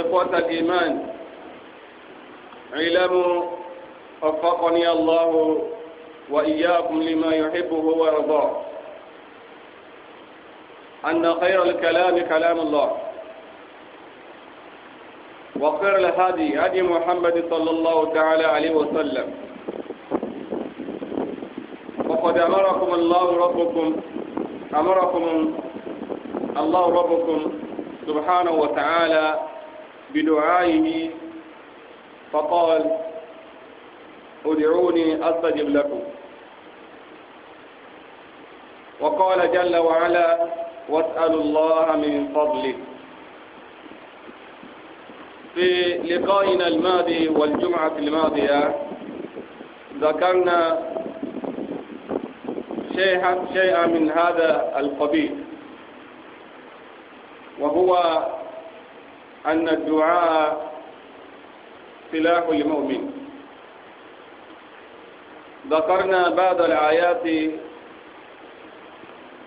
إخوة الإيمان اعلموا وفقني الله وإياكم لما يحبه ويرضاه أن خير الكلام كلام الله وخير الهدي هدي محمد صلى الله تعالى عليه وسلم وقد أمركم الله ربكم أمركم الله ربكم سبحانه وتعالى بدعائه فقال ادعوني أستجب لكم وقال جل وعلا واسألوا الله من فضله في لقائنا الماضي والجمعة الماضية ذكرنا شيئا من هذا القبيل وهو أن الدعاء سلاح المؤمن ذكرنا بعض الآيات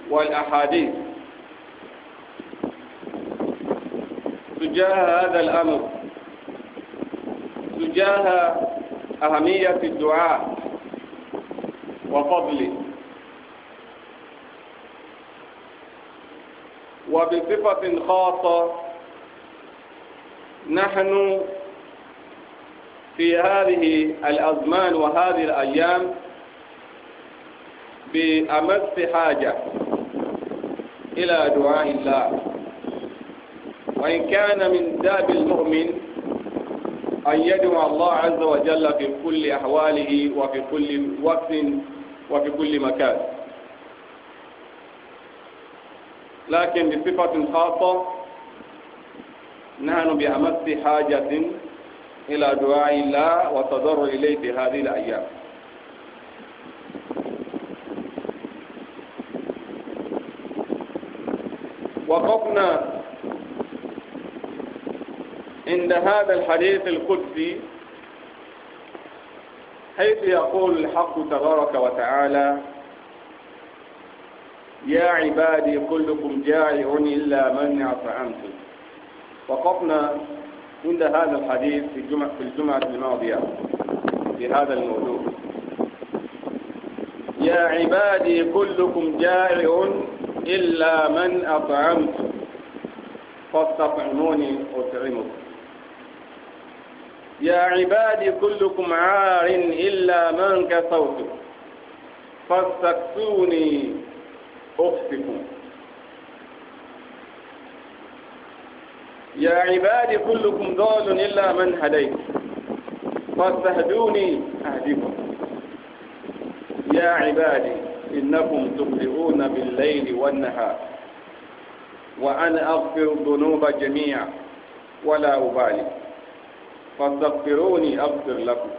والأحاديث تجاه هذا الأمر تجاه أهمية الدعاء وفضله وبصفة خاصة نحن في هذه الأزمان وهذه الأيام بأمس حاجة إلى دعاء الله وإن كان من داب المؤمن أن يدعو الله عز وجل في كل أحواله وفي كل وقت وفي كل مكان لكن بصفة خاصة نحن بأمس حاجة إلى دعاء الله والتضرع إليه في هذه الأيام وقفنا عند هذا الحديث القدسي حيث يقول الحق تبارك وتعالى يا عبادي كلكم جائع إلا من أطعمتم وقفنا عند هذا الحديث في الجمعة في الجمعة الماضية في هذا الموضوع يا عبادي كلكم جائع إلا من أطعمت فاستطعموني أطعمكم يا عبادي كلكم عار إلا من كسوت فاستكسوني أخفكم يا عبادي كلكم ضال إلا من هديت فاستهدوني أهدكم يا عبادي إنكم تخطئون بالليل والنهار وأنا أغفر الذنوب جميعا ولا أبالي فاستغفروني أغفر لكم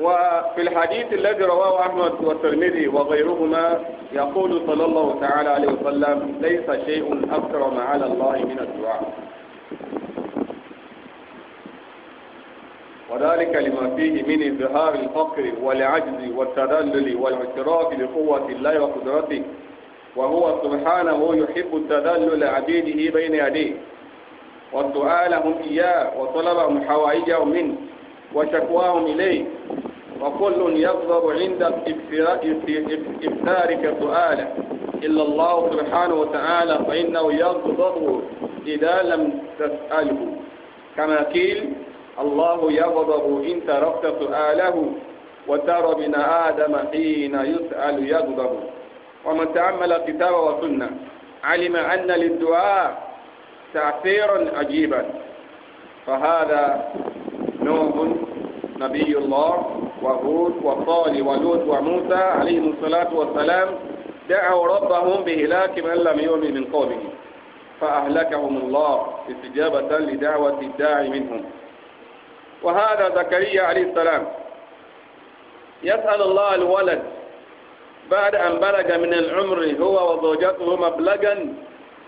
وفي الحديث الذي رواه أحمد والترمذي وغيرهما يقول صلى الله تعالى عليه وسلم ليس شيء أكرم على الله من الدعاء وذلك لما فيه من إظهار الفقر والعجز والتذلل والاعتراف بقوة الله وقدرته وهو سبحانه يحب التذلل عبيده بين يديه وسؤالهم إياه وطلبهم حوائجهم منه وشكواهم إليه وكل يغضب عند ابتارك سؤاله إلا الله سبحانه وتعالى فإنه يغضب إذا لم تسأله كما قيل الله يغضب إن تركت سؤاله وترى ابن آدم حين يسأل يغضب ومن تأمل الكتاب وسنة علم أن للدعاء تأثيرا عجيبا فهذا نوع نبي الله وهود وصالح ولوط وموسى عليهم الصلاة والسلام دعوا ربهم بهلاك من لم يؤمن من قومه فأهلكهم الله استجابة لدعوة الداعي منهم وهذا زكريا عليه السلام يسأل الله الولد بعد أن بلغ من العمر هو وزوجته مبلغا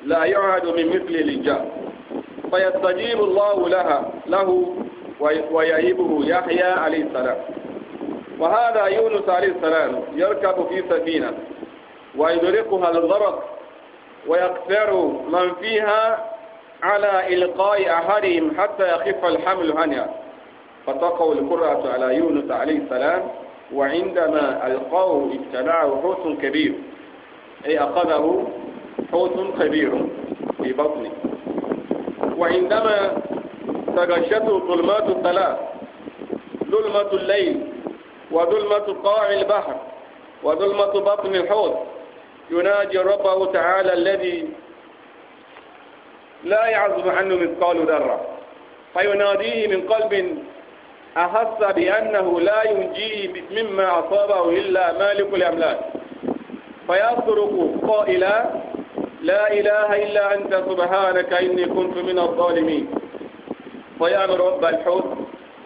لا يعهد من مثل الرجال فيستجيب الله لها له ويهبه يحيى عليه السلام وهذا يونس عليه السلام يركب في سفينة ويدركها الغرق ويقفر من فيها على إلقاء أحدهم حتى يخف الحمل هنيا فتقوا الكرة على يونس عليه السلام وعندما ألقوه ابتلعه حوت كبير أي أخذه حوت كبير في بطنه وعندما تغشته ظلمات الثلاث ظلمة الليل وظلمة قاع البحر وظلمة بطن الحوض يناجي ربه تعالى الذي لا يعظم عنه مثقال ذرة فيناديه من قلب أحس بأنه لا ينجيه مما أصابه إلا مالك الأملاك فيصرخ قائلا لا إله إلا أنت سبحانك إني كنت من الظالمين فيأمر رب الحوت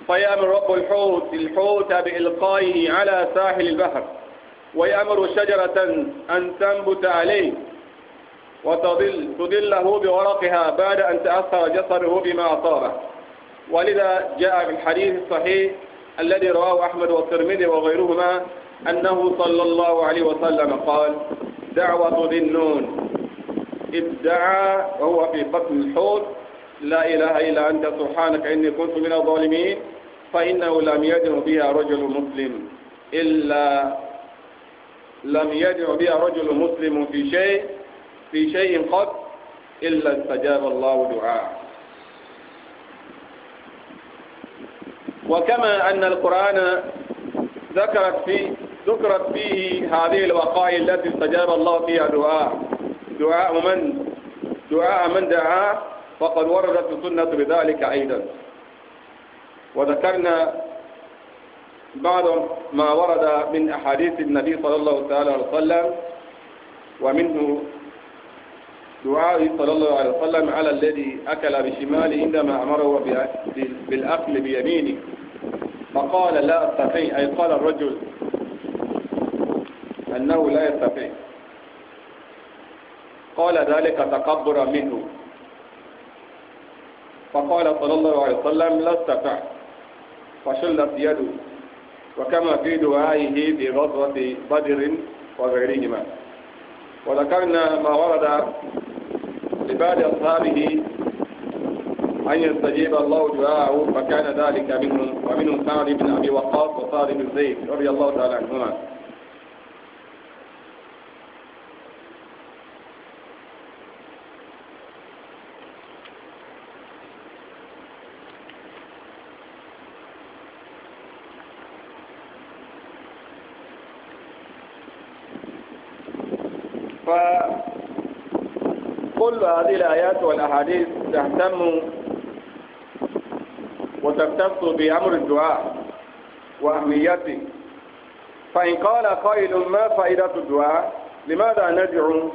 فيأمر رب الحوت الحوت بإلقائه على ساحل البحر ويأمر شجرة أن تنبت عليه وتظل تظله بورقها بعد أن تأثر جسده بما أصابه ولذا جاء في الحديث الصحيح الذي رواه أحمد والترمذي وغيرهما أنه صلى الله عليه وسلم قال دعوة ذي النون ادعى وهو في بطن الحوت لا إله إلا أنت سبحانك إني كنت من الظالمين فإنه لم يدع بها رجل مسلم إلا لم يدع بها رجل مسلم في شيء في شيء قط إلا استجاب الله دعاءه وكما أن القرآن ذكرت فيه ذكرت فيه هذه الوقائع التي استجاب الله فيها دعاء دعاء من دعاء من دعاء فقد وردت السنة بذلك أيضا وذكرنا بعض ما ورد من أحاديث النبي صلى الله عليه وسلم ومنه دعاء صلى الله عليه وسلم على الذي أكل بشماله عندما أمره بالأكل بيمينه فقال لا أستطيع أي قال الرجل أنه لا يستطيع قال ذلك تقبرا منه فقال صلى الله عليه وسلم لا استطعت فشلت يده وكما في دعائه بغزوة بدر وغيرهما وذكرنا ما ورد لبعض أصحابه أن يستجيب الله دعاءه فكان ذلك منهم ومنهم سعد بن أبي وقاص وصالح بن زيد رضي الله تعالى عنهما كل هذه الآيات والأحاديث تهتم وتختص بأمر الدعاء وأهميته فإن قال قائل ما فائدة الدعاء لماذا ندعو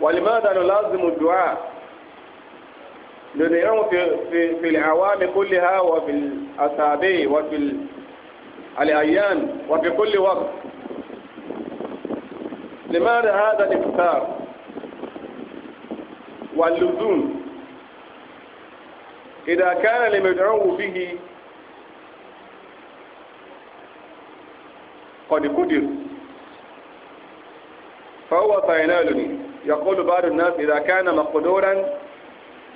ولماذا نلازم الدعاء ندعو في, في, في العوام كلها وفي الأسابيع وفي الأيام وفي كل وقت لماذا هذا الإكثار واللزوم إذا كان لمدعو به قد قدر فهو فينالني يقول بعض الناس إذا كان مقدورا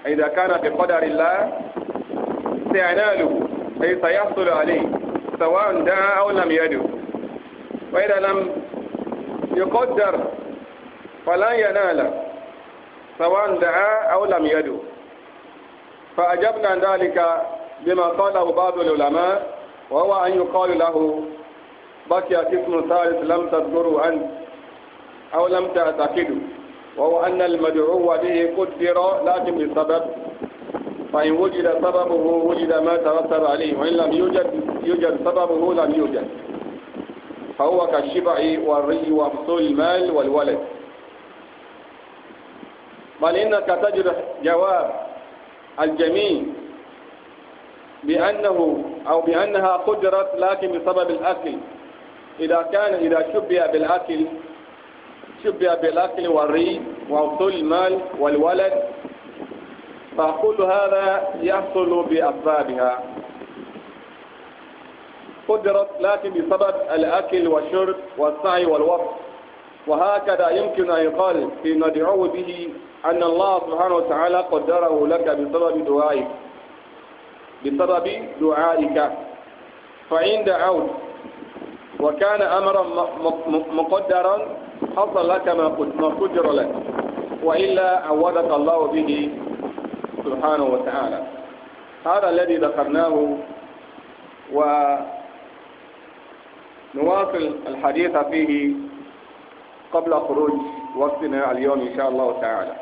إذا كان بقدر الله سيناله أي سيحصل عليه سواء دعا أو لم يدعو وإذا لم يقدر فلا ينال سواء دعا أو لم يدعو فأجبنا ذلك بما قاله بعض العلماء وهو أن يقال له بقي اسم ثالث لم تذكره أنت أو لم تعتقده وهو أن المدعو به قدر لكن بسبب فإن وجد سببه وجد ما ترتب عليه وإن لم يوجد يوجد سببه لم يوجد فهو كالشبع والري ومثل المال والولد بل إنك تجرح جواب الجميع بأنه أو بأنها قدرت لكن بسبب الأكل إذا كان إذا شبع بالأكل شبع بالأكل والري وأصول المال والولد فكل هذا يحصل بأسبابها قدرت لكن بسبب الأكل والشرب والسعي والوقت وهكذا يمكن أن يقال في ندعو به أن الله سبحانه وتعالى قدره لك بسبب دعائك بسبب دعائك فإن دعوت وكان أمرا مقدرا حصل لك ما قدر لك وإلا عودك الله به سبحانه وتعالى هذا الذي ذكرناه و نواصل الحديث فيه قبل خروج وقتنا اليوم إن شاء الله تعالى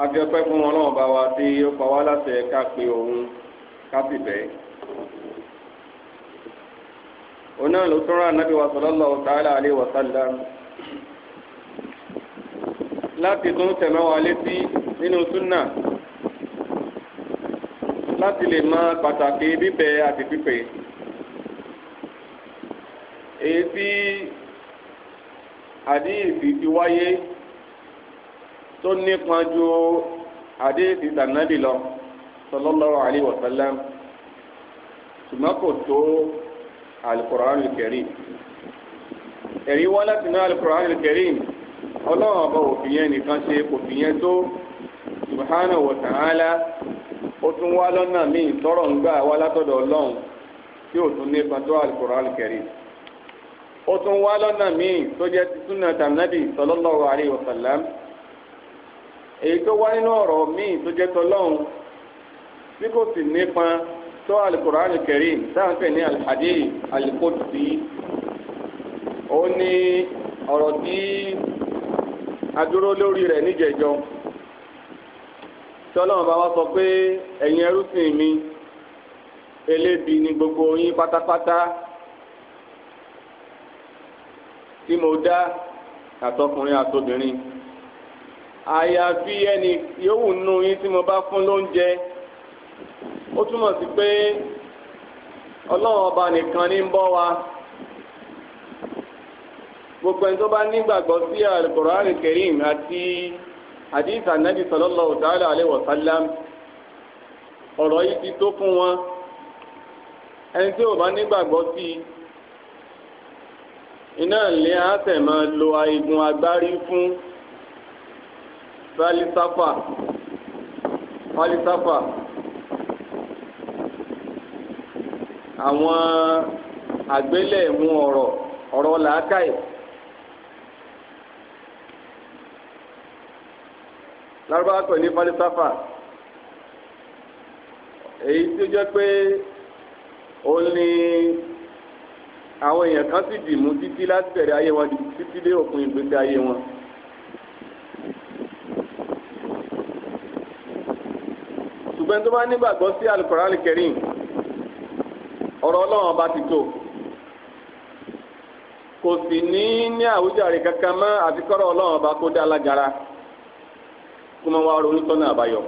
أبي أقول ọlọ́run bá wa tí ó pa wá láti ẹ̀ka pé òun ká bẹ́ẹ̀. oná ló tún rán anábì wa sallallahu ta'ala alaihi wa sallam láti tún tẹ̀mọ́ wa létí nínú súnà láti lè mọ pàtàkì bíbẹ àti pípé èyí tí àdíyèsí ti wáyé tó nípa ju àdéhìí tànàbì lọ sallallahu alaihi wasallam ṣùgbọ́n kò tó alukoranul karim ẹ̀rí wá láti ná alukoranul karim ọlọ́run ọba òfin yẹn nìkan ṣe òfin yẹn tó subhanahu wa ta'ala ó tún wá lọ́nà míì tọrọ ń gbà wá látọ̀dọ̀ ọlọ́run tí ò tún nípa tó alukoranul karim ó tún wá lọ́nà míì tó jẹ́ ti súnà tànàbì sallallahu alaihi wasallam èyí tó wá nínú ọ̀rọ̀ míì tó jẹ́ tọlọ́hun tí kò sì nípa tó alukur'an karim sáǹpẹ̀ ní alhadith alqudsi ó ní ọ̀rọ̀ tí a dúró lórí rẹ̀ níjẹ̀jọ́ tọ́lọ́run bá wá sọ pé ẹ̀yin ẹrúsìn mi elébi ni gbogbo yín pátápátá tí mo dá àtọkùnrin àtobìnrin. àyàfi ẹni yòówù nù yín tí mo bá fún lóúnjẹ ó túmọ̀ sí pé ọlọ́run ọba nìkan ní ń bọ́ wa gbogbo ẹni tó bá nígbàgbọ́ sí alukoran kerim àti hadith anabi sallallahu ta'ala alayhi wa sallam ọ̀rọ̀ yìí ti tó fún wọn ẹni tí ò bá nígbàgbọ́ sí iná ìlẹ́ àtẹ̀mọ́ lo igun agbárí fún. falisafa falisafa àwọn àgbélẹ̀mú ọ̀rọ̀ ọ̀rọ̀ làákàyè lárúbáwá pè ní falisafa èyí tí ó jẹ́ pé ó ní àwọn èèyàn kan sì dì mú títí láti bẹ̀rẹ̀ ayé wọn títí dé òpin ìgbésí ayé wọn. gbogbo ẹni tó bá nígbàgbọ́ sí alukoran kẹrin ọ̀rọ̀ ọlọ́run ọba ti tó kò sì ní ní àwùjáre kankan mọ́ àti ọlọ́run ọba kó dá alágara kó máa wá ronú àbáyọ.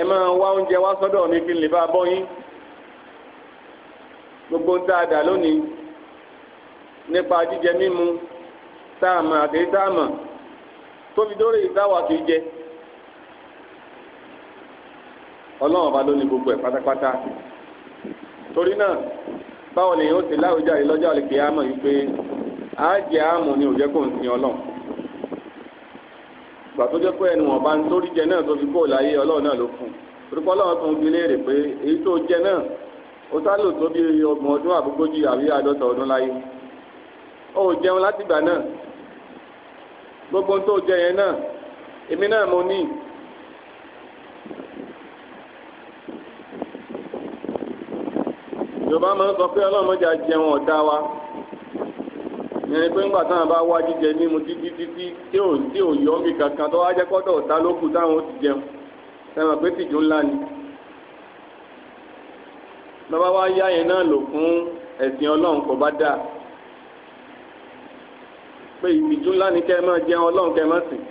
ẹ máa wá oúnjẹ wá sọ́dọ̀ mi kí n lè bá a bọ́ yín gbogbo ń tá a dà lónìí nípa jíjẹ mímu tá a mọ̀ àti tá a mọ̀ tóbi dórí ìtawà kì jẹ ọlọ́run ọba ló gbogbo ẹ̀ pátápátá torí náà báwo lèyìn ó ti láwùjáde lọ́jọ́ àlèkè yìí pé àájẹ àmọ̀ ni òjẹ́ kò ń sin ọlọ́run gbà tó jẹ́ pé ẹnu wọn bá ń torí jẹ náà tó fi kó láyé ọlọ́run náà ló fún un torí pé ọlọ́run tó ń fi léèrè pé èyí tó jẹ náà ó sálò tó bí ọgbọ̀n ọdún àbúgbójì àbí àádọ́ta ọdún láyé ó jẹun látìgbà náà gbogbo tó jẹ yẹn náà èmi náà mo ní. yorùbá máa ń sọ pé ọlọ́run mọ́jà jẹun ọ̀dá wa ìyẹn ni pé ńgbà táwọn bá wá jíjẹ mímu títí títí tí ò tí ò yọ mí kankan tó wá jẹ́ kọ́dọ̀ ọ̀tá ló táwọn ó ti jẹun sẹ́wọ̀n pé tìjú ńlá ni. bàbá wa yá yẹn náà lò fún ẹ̀sìn ọlọ́run kò bá dáa pé ìtìjú ńlá ni kẹ́ ẹ máa jẹun ọlọ́run kẹ́ ẹ máa sìn.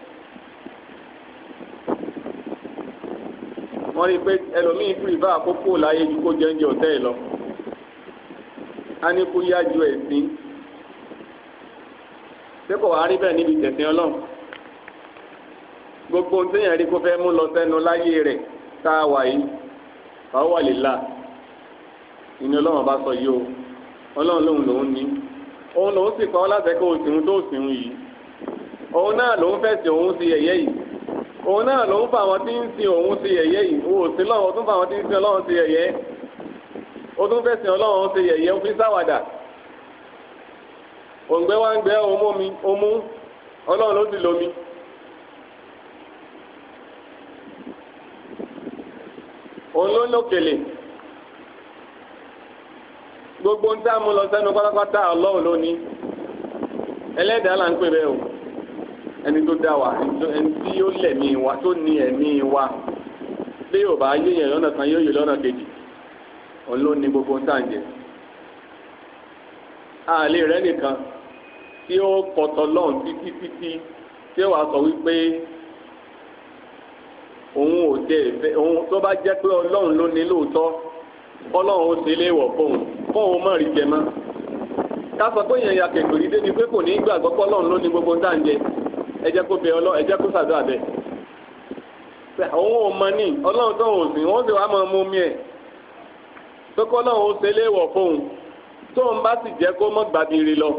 wọ́n rí i pé ẹlòmíín kúrì bá àkókò láyé ju kó jẹ́ oúnjẹ ọ̀tẹ́ ẹ̀ lọ. a ní kó yá ju ẹ̀sìn ṣé kò wá rí bẹ́ẹ̀ níbi tẹ̀sìn ọlọ́run gbogbo ohun téèyàn rí kó fẹ́ mú lọ sẹ́nu láyé rẹ̀ tá a wà yìí bá wà lè la ìní ọlọ́run bá sọ yìí o ọlọ́run lòun lòun ní òun lòun sì pa ọ́ látẹ̀kọ́ òsìn tó òsìn yìí òun náà lòun fẹ́ sin òun sí ẹ̀yẹ́ yìí òun náà lòun fa àwọn tí ń sin òun sí ẹ̀yẹ́ yìí òun ò lọ́wọ́ tún fa àwọn tí ń sin ọlọ́run sí ẹ̀yẹ́ ó tún fẹ́ ọlọ́run sí ẹ̀yẹ́ ó fi sáwàdà. òǹgbẹ wa ń gbẹ ọmú mi ọmú ọlọ́run ló sì lomi. òun ló lókèlè gbogbo ń tá a mú lọ sẹ́nu pátápátá ọlọ́run ló ní ẹlẹ́dàá là ń pè bẹ́ẹ̀ o ẹni tó dá wa ẹni tí ó lẹ̀mí wa tó ní ẹ̀mí wa bí yóò bá yéèyàn lọ́nà kan yóò yé lọ́nà kejì òun ló ní gbogbo ń tá A ń jẹ àlè rẹ nìkan tí ó kọtọ lọ́n títí títí tí ó wà sọ wípé òun ò jẹ ìfẹ́ òun tó bá jẹ́ pé ọlọ́run ló ní lóòótọ́ ọlọ́run ó ṣe léèwọ̀ fóun fóun mọ̀ rí jẹ mọ́ pé èèyàn ya débi pé kò ní gbàgbọ́ ọlọ́run gbogbo tá à ń jẹ kó bẹ kó bẹ òun ò mọ ní ọlọ́run tó sìn wọ́n máa mú mi ẹ̀ pé ó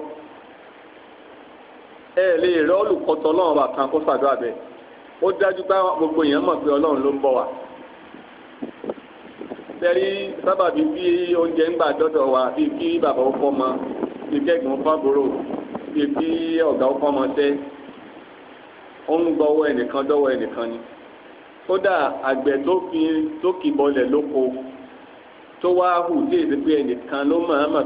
ẹ rẹ olùkọ́tọ̀ ọlọ́run bàtà kó ṣàdúrà bẹ́ẹ̀ ó dájú pé gbogbo èèyàn mọ̀ pé ọlọ́run ló ń bọ̀ wá sẹ́rí sábàbí bí oúnjẹ ń gbà dọ́dọ̀ wa bíi kí bàbá ọkọ ọmọ bíi kẹ́gbọ̀n fábòrò bíi kí ọ̀gá ó fọ́mọ tẹ́ ó ń gbọ́wọ́ ẹnìkan ni kódà àgbẹ̀ tó fi tó kì bọlẹ̀ lóko tó wá hù sí èdè pé ẹnìkan ló máa mà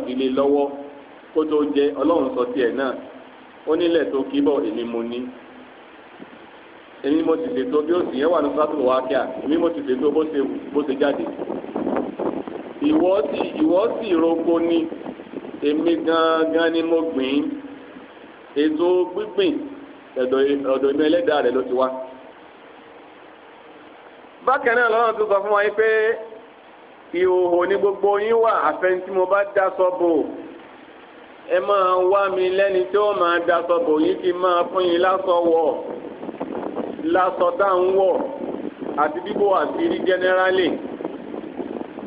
onílẹ̀ tó kí bọ̀ èmi mo ní èmi mo ti ṣètò bí ó sì yẹn wà ní sátúrò wá kíá èmi mo ti ṣètò bó ṣe wù bó ṣe jáde ìwọ sì ìwọ sì roko ni èmi gangan ni mo gbìn ètò gbígbìn ọ̀dọ̀ ọ̀dọ̀ inú ẹlẹ́dàá rẹ̀ ló ti wá. bákan náà lọ́nà tó sọ fún wa yín pé ìhòòhò ni gbogbo yín wà àfẹnusí mo bá dá sọ bò ó. ẹ máa wá mi lẹ́ni tí ó máa daṣọ bò yìí kí máa fún yín lásọ wọ̀ lásọ tá à ń wọ̀ àti bíbò jẹ́nẹ́rálì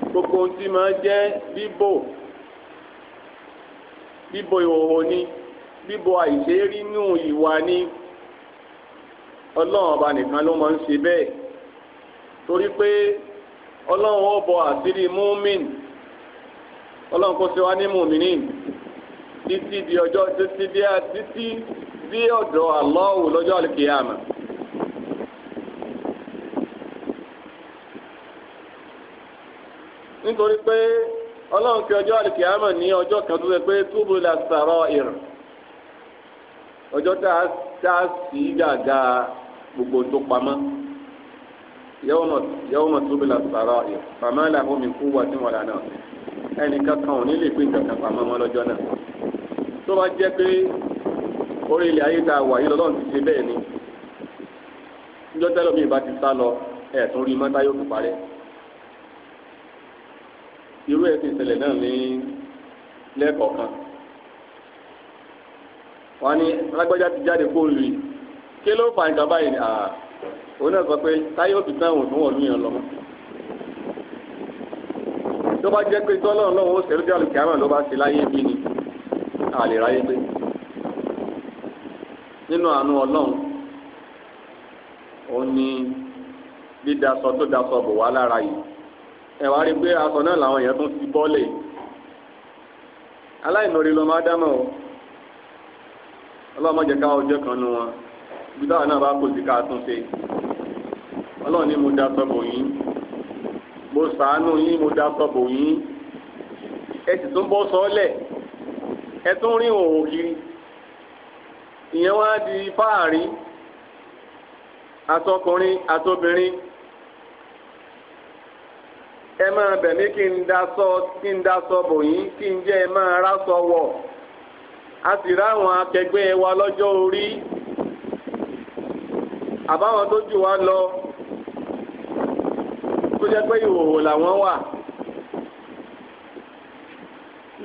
gbogbo ohun tí máa jẹ́ bíbò bíbò ìhòòhò ni bíbò ni ọlọ́run ọba nìkan ló máa ń ṣe bẹ́ẹ̀ torí pé ọlọ́run ó bò àṣírí múmin ọlọ́run kò ṣe wá títí di ọjọ́ títí di títí sí ọ̀dọ̀ àlọ́wù lọ́jọ́ àlùkìyàmà. nítorí pé ọlọ́run fi ọjọ́ àlùkìyàmà ní ọjọ́ kan tó ṣe pé túbú la sàrọ̀ ìrìn ọjọ́ tá a sì gàgà gbogbo tó pamọ́ yẹ́wọ́n mọ̀ túbú la sàrọ̀ ìrìn pàmò àlàfo mi kú wà tí wọ́n là náà ẹnì kankan ò ní lè pín kankan pamọ́ mọ́ lọ́jọ́ náà tó bá jẹ́ pé orí ilẹ̀ ayé tá a wà yìí lọ́lọ́run ti ṣe bẹ́ẹ̀ ni níjọ́ tẹ́lọ̀ mi ìbá ti sá lọ ẹ̀ẹ́dùn rí mọ́tá yóò tún parẹ́ irú ẹ̀ ti ṣẹlẹ̀ náà ní lẹ́ẹ̀kọ̀ọ̀kan wọ́n ní alágbájá ti jáde kó lu yìí kí ló fà nǹkan báyìí àà òun náà sọ pé táyé òbí tán òun tún wọ̀ lóyún lọ. tó bá jẹ́ pé tọ́lọ́run lọ́wọ́ ó ṣẹlú jáde kíámà ló bá ṣe láyé bí ni àlè ráyé pé nínú àánú ọlọ́run òun ni dídaṣọ tó dasọ bò wá lára yìí ẹ wá rí pé aṣọ náà làwọn èèyàn tún ti bọ́lẹ̀ aláìmọ̀rí lọ́mọ ádámọ̀ o ọlọ́run má ọjọ́ kan nu wọn ibi náà bá kò sí ká tún ṣe ọlọ́run ni mo dasọ bò yín mo yín mo bò yín ẹ sì tún bọ́ ẹ tún rí òun kiri ìyẹn wá di fáàrí àtọkùnrin àtobìnrin ẹ máa bẹ̀mí kí n daṣọ kí n da bò yín kí n jẹ́ ẹ máa ráṣọ wọ̀ a sì ráwọn akẹgbẹ́ wa lọ́jọ́ orí àbáwọn tó jù wá lọ tó jẹ́ pé ìhòòhò làwọn wà.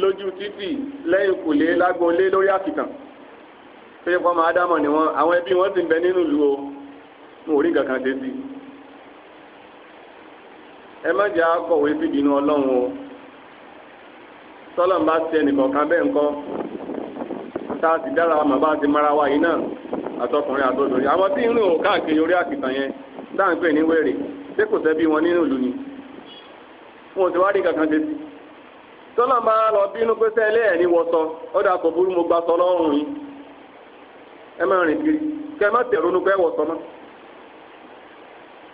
lójú títì lẹ́yìn kùlé lágbolé lórí àkìtàn tó yẹ kó máa dámọ̀ ni wọn àwọn ẹbí wọn ti ń bẹ nínú ìlú o n ò rí kankan dé sí i ẹ má jẹ́ akọ̀wé síbínú ọlọ́run o sọlọ́n bá ti ẹnìkọ̀ọ̀kan bẹ́ẹ̀ ńkọ́ tá a sì dára màbá ti mara wa yìí náà àtọkùnrin àtọdọ̀rí àwọn tí ń rìn òun káàkiri orí àkìtàn yẹn dáhùn pé ní wèrè ṣé kò sẹ́bí wọn nínú ìlú ni wọn ò ti wá rí kankan dé sí tọ́lọ̀ máa lọ bínú pé sẹ́lẹ̀ ẹ̀ ní wọ́sọ ọdọ kò burú mo gbà sọ lọ́rùn yín ẹ má rìn kiri kẹ má tẹ̀ ronú pé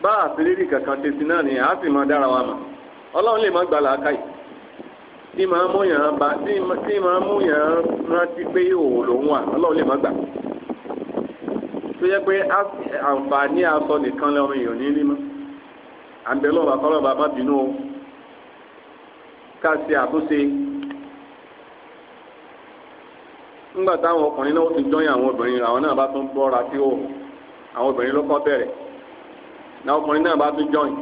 bá àṣírí kankan ṣe a náà máa dára wa mọ̀ ọlọ́run lè má gbà aka yìí tí màá mú yàn bá tí màá mú yàn rántí pé wà lè má gbà tó yẹ pé o. ká ṣe àtúnṣe ńgbà táwọn ọkùnrin náà ó ti jọyìn àwọn obìnrin àwọn náà bá tún bọ́ra sí òun àwọn obìnrin ló kọ́ bẹ̀rẹ̀ náà ọkùnrin náà bá tún jọyìn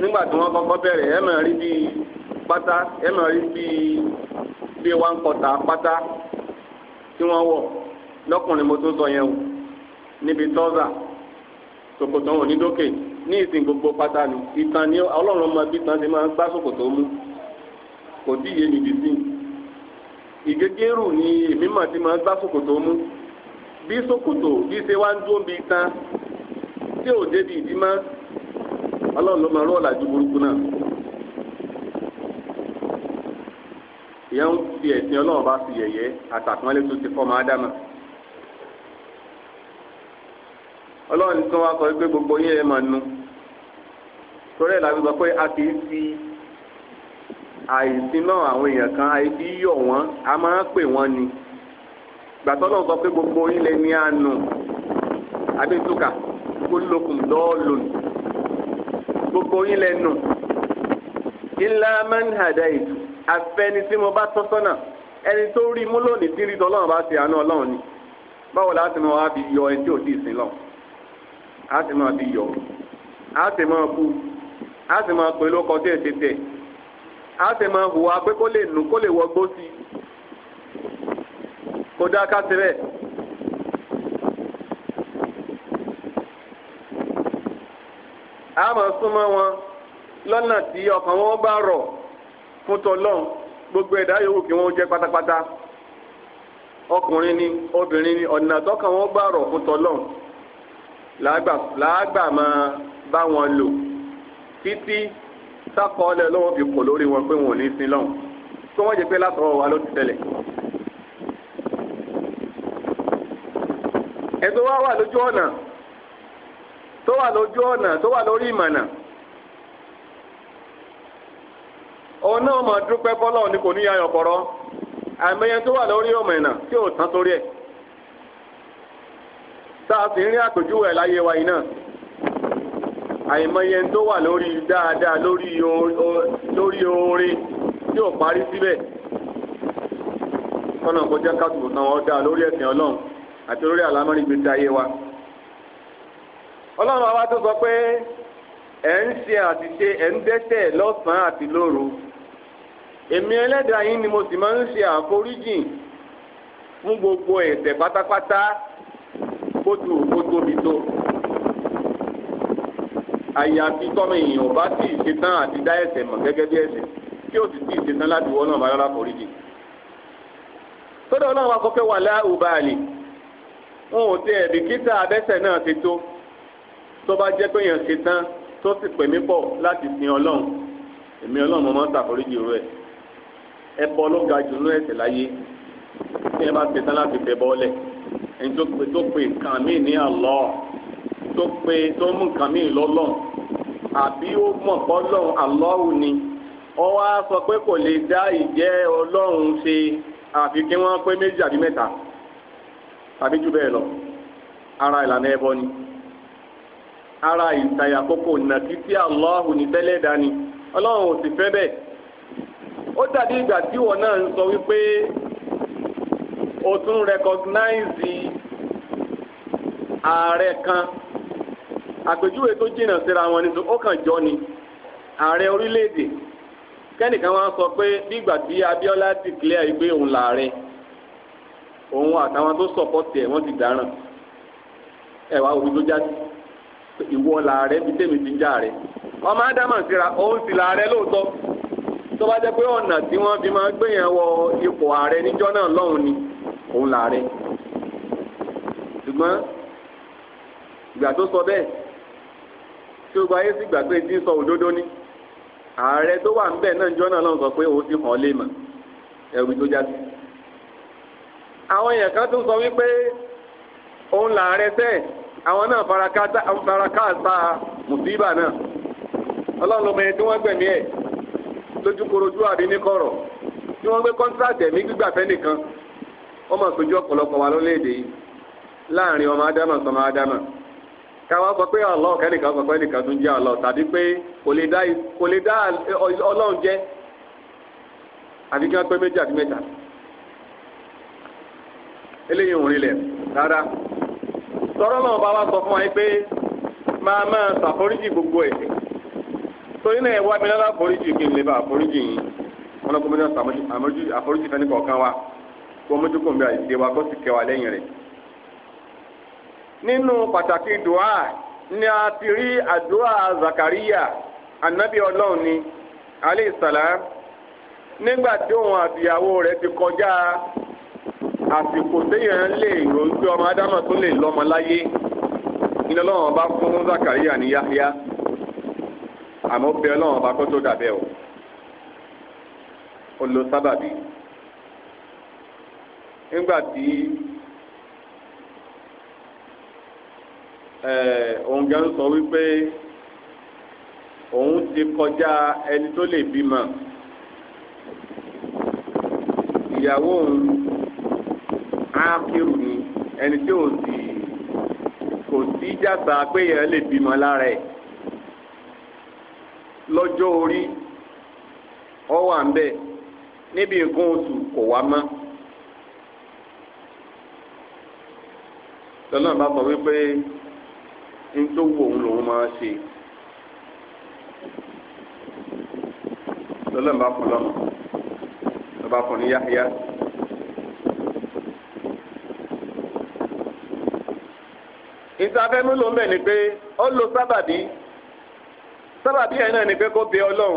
nígbà tí wọ́n kọ́kọ́ bẹ̀rẹ̀ ẹ máa rí bíi pátá ẹ máa rí bíi bíi wá ń kọta pátá tí wọ́n wọ̀ lọ́kùnrin mo tún sọ yẹn o níbi tọ́zà ṣòkòtò wọn ní dókè. ní ìsìn gbogbo pátá ni ìtàn ni ọlọ́run ọmọ bí tán ti máa ń gbá sòkò tó mú kò tí ì yé sí ni èmi mà ti máa ń gbá sòkò tó mú bí sòkòtò bí ṣe wá ń tán tí ò débi ìdí má ọlọ́run ló máa rọ́ ọ̀làjú burúkú náà ń fi ẹ̀sìn ti ọlọ́run wá kọ́ gbogbo torí ẹ̀ la fi pé a kì í fi àìsí náà àwọn èèyàn kan yọ wọn a máa ń pè wọn ni gbàtọ́ náà sọ pé gbogbo ilẹ̀ ni a nù abẹ́tùkà lọ́ọ̀lùn gbogbo ilẹ̀ nù ilá manhada ètò afẹ́ni tí mo bá tọ́ sọ́nà ẹni tó rí mú lónìí tí rí tọ́lọ́run bá ni báwo la ti fi yọ ẹni tí ò lọ a yọ a ti bu a sì máa pè lóko tí èsì tẹ̀ a sì máa hùwà pé kó lè nù kó lè sí i wọn lọ́nà tí ọkàn wọn bá rọ̀ fún gbogbo ẹ̀dá yòówù kí wọ́n jẹ́ pátápátá ọkùnrin ni obìnrin ni ọ̀nà wọn bá rọ̀ fún tọ́lọ́n làágbà máa wọn lò. títí sákọọ́lẹ̀ lọ́wọ́ fi kò lórí wọn pé wọn ò ní sin lọ́hùn tó wọ́n jẹ́ pé látọ̀rọ̀ wa ló ti tẹ̀lẹ̀. ẹ̀tọ́ wa wà lójú ọ̀nà tó wà lójú ọ̀nà tó wà lórí ìmọ̀nà òun náà mọ̀ dúpẹ́ bọ́lọ̀ ní kò ní yayọ̀ kọ̀rọ̀ àmẹ́yẹn tó wà lórí ọmọ ìnà tí ò tán sórí ẹ̀ tá a sì ń rí àpèjúwe láyé wa yìí náà. àìmọye tó wà lórí dáadáa lórí orin tí parí síbẹ̀ kọ́nà kọjá kàtùkù tán ọ̀dà lórí ẹ̀sìn ọlọ́run àti lórí àlámọ́rí gbèsè ayé wa. ọlọ́run àwa tó sọ pé ẹ̀ ń ṣe àtìṣe ẹ̀ ń lọ́sàn-án àti lóru ni mo sì máa ń ṣe àforíjìn gbogbo pátápátá àyàfi tọ́mọ èèyàn bá tí ì ṣetán àti dá ẹ̀ṣẹ̀ mọ̀ gẹ́gẹ́ bí ẹ̀ṣẹ̀ tí ó sì tí ì ṣetán láti wọ́n náà rárá kò rí jì. sọ́dọ̀ ọlọ́run wa kọ́kẹ́ wà láhùbáàlì wọn ò tẹ ẹ̀bì kíta abẹ́sẹ̀ náà ti tó tó bá jẹ́ pé èèyàn ṣetán tó sì pè mí pọ̀ láti sin ọlọ́run èmi ọlọ́run mo máa ń ṣàforíjì rẹ̀ ẹbọ ló ga jù nínú ẹ̀ṣẹ̀ láyé tí ẹ bá ṣetán láti fẹ́ bọ́ọ̀lẹ̀ ẹni tó pe nǹkan míì ní Allah tó pe tó mú nǹkan míì lọ́lọ́n àbí ó mọ̀ kọ́lọ́n àlọ́hùn ni ó wá sọ pé kò lè dá ìjẹ́ ọlọ́run ṣe àfi kí wọ́n pé méjì àbí mẹ́ta àbí jù bẹ́ẹ̀ lọ ara ìlànà ẹbọ ni ara ìtayà kókò nàkìtì àlọ́hùn ní tẹ́lẹ̀ dání ọlọ́run ò sì fẹ́ bẹ́ẹ̀ ó dàbí ìgbà tí wọn náà ń sọ wípé o tún rẹkọgnáìzì ààrẹ kan àpèjúwe tó jìnnà síra wọn ni ó kàn jọ ni ààrẹ orílẹ̀-èdè kẹ́nìkan wá sọ pé nígbà tí Abíọ́lá declare pé òun làárẹ̀ òun àtàwọn tó sọ̀pọ̀tì ẹ̀ wọ́n ti dáràn ẹ̀ wá òbí tó jáde ìwọ làárẹ̀ bí tèmi ti ń já rẹ̀ ọmọ ádámà síra òun sì làárẹ̀ lóòótọ́ tó bá jẹ́ pé ọ̀nà tí wọ́n fi máa gbé yẹn wọ ipò ààrẹ níjọ́ náà lọ́hùn ni òun làárẹ̀ ṣùgbọ́n ìgbà tó sọ bẹ́ẹ̀ tí gba ayé sì gbà pé tí ń sọ òdodo ní ààrẹ tó wà ńbẹ̀ náà jọ náà lọ́n pé òun ti hàn lè mọ̀ ẹ̀rù tó já sí. àwọn èèyàn kan sọ wípé òun làárẹ̀ sẹ́ẹ̀ àwọn náà farakáàsá mùsíbà náà ọlọ́run lọ́mọ yẹn tí wọ́n gbẹ̀mí ẹ̀ lójúkorojú àbí tí gbé kọ́ńtíráàtì ẹ̀mí gbígbà nìkan wọ́n mọ̀ ọ̀pọ̀lọpọ̀ wà èdè yìí káwá sọ pé ọlọ́ọ̀ kẹ́nìkan sọ pé ẹnìkan tún jẹ́ ọlọ́ọ̀ tàbí pé kò lè dá ọlọ́run jẹ́ àbí kí wọ́n pé méjì àbí mẹ́ta eléyìí ò rinlẹ̀ rárá sọ̀rọ̀ náà bá wa sọ fún wa yìí pé máa máa ṣàforíjì gbogbo ẹ̀ṣẹ̀ torí náà ẹ wá mi lọ́la foríjì kí n lè ba àforíjì yìí wọn lọ́kọ́ mi náà ṣàforíjì fẹ́ni kọ̀ọ̀kan wa kó mójúkó mi àìsè wa kó sì kẹ́ wa lẹ́yìn rẹ̀ nínú pàtàkì dùá ni a ti rí àdúrà zakariya anabi ọlọ́run ni aleyhisalaam nígbà tí òun àtìyàwó rẹ̀ ti kọjá àsìkò téèyàn lè ròyìn pé ọmọ ádámà tó lè lọ́mọ láyé iná ọlọ́run ọba fún zakariya ní yáyá àmọ́ bẹ ọlọ́run ọba kó tó dàbẹ́ o ó nígbà tí. Eh, òun gan sọ wípé òun ti kọjá ẹni tó lè bímọ ìyàwó òun ákírù ni ẹni tí òun sì kò sí jàgbá pé yẹn lè bímọ lára ẹ̀ lọ́jọ́ orí ọ wà ń bẹ̀ níbi nǹkan oṣù kò wá mọ́. lọ́nà bá sọ wípé nítorí wò ń lòun máa ṣe lọ́lọ́run bá fún lọ́mọ lọ́ba fún ní yáyá. ìsàfẹ́mú ló ń bẹ̀ ni pé ó lo sábàbí sábàbí ẹ̀ náà ni pé kó bẹ ọlọ́run.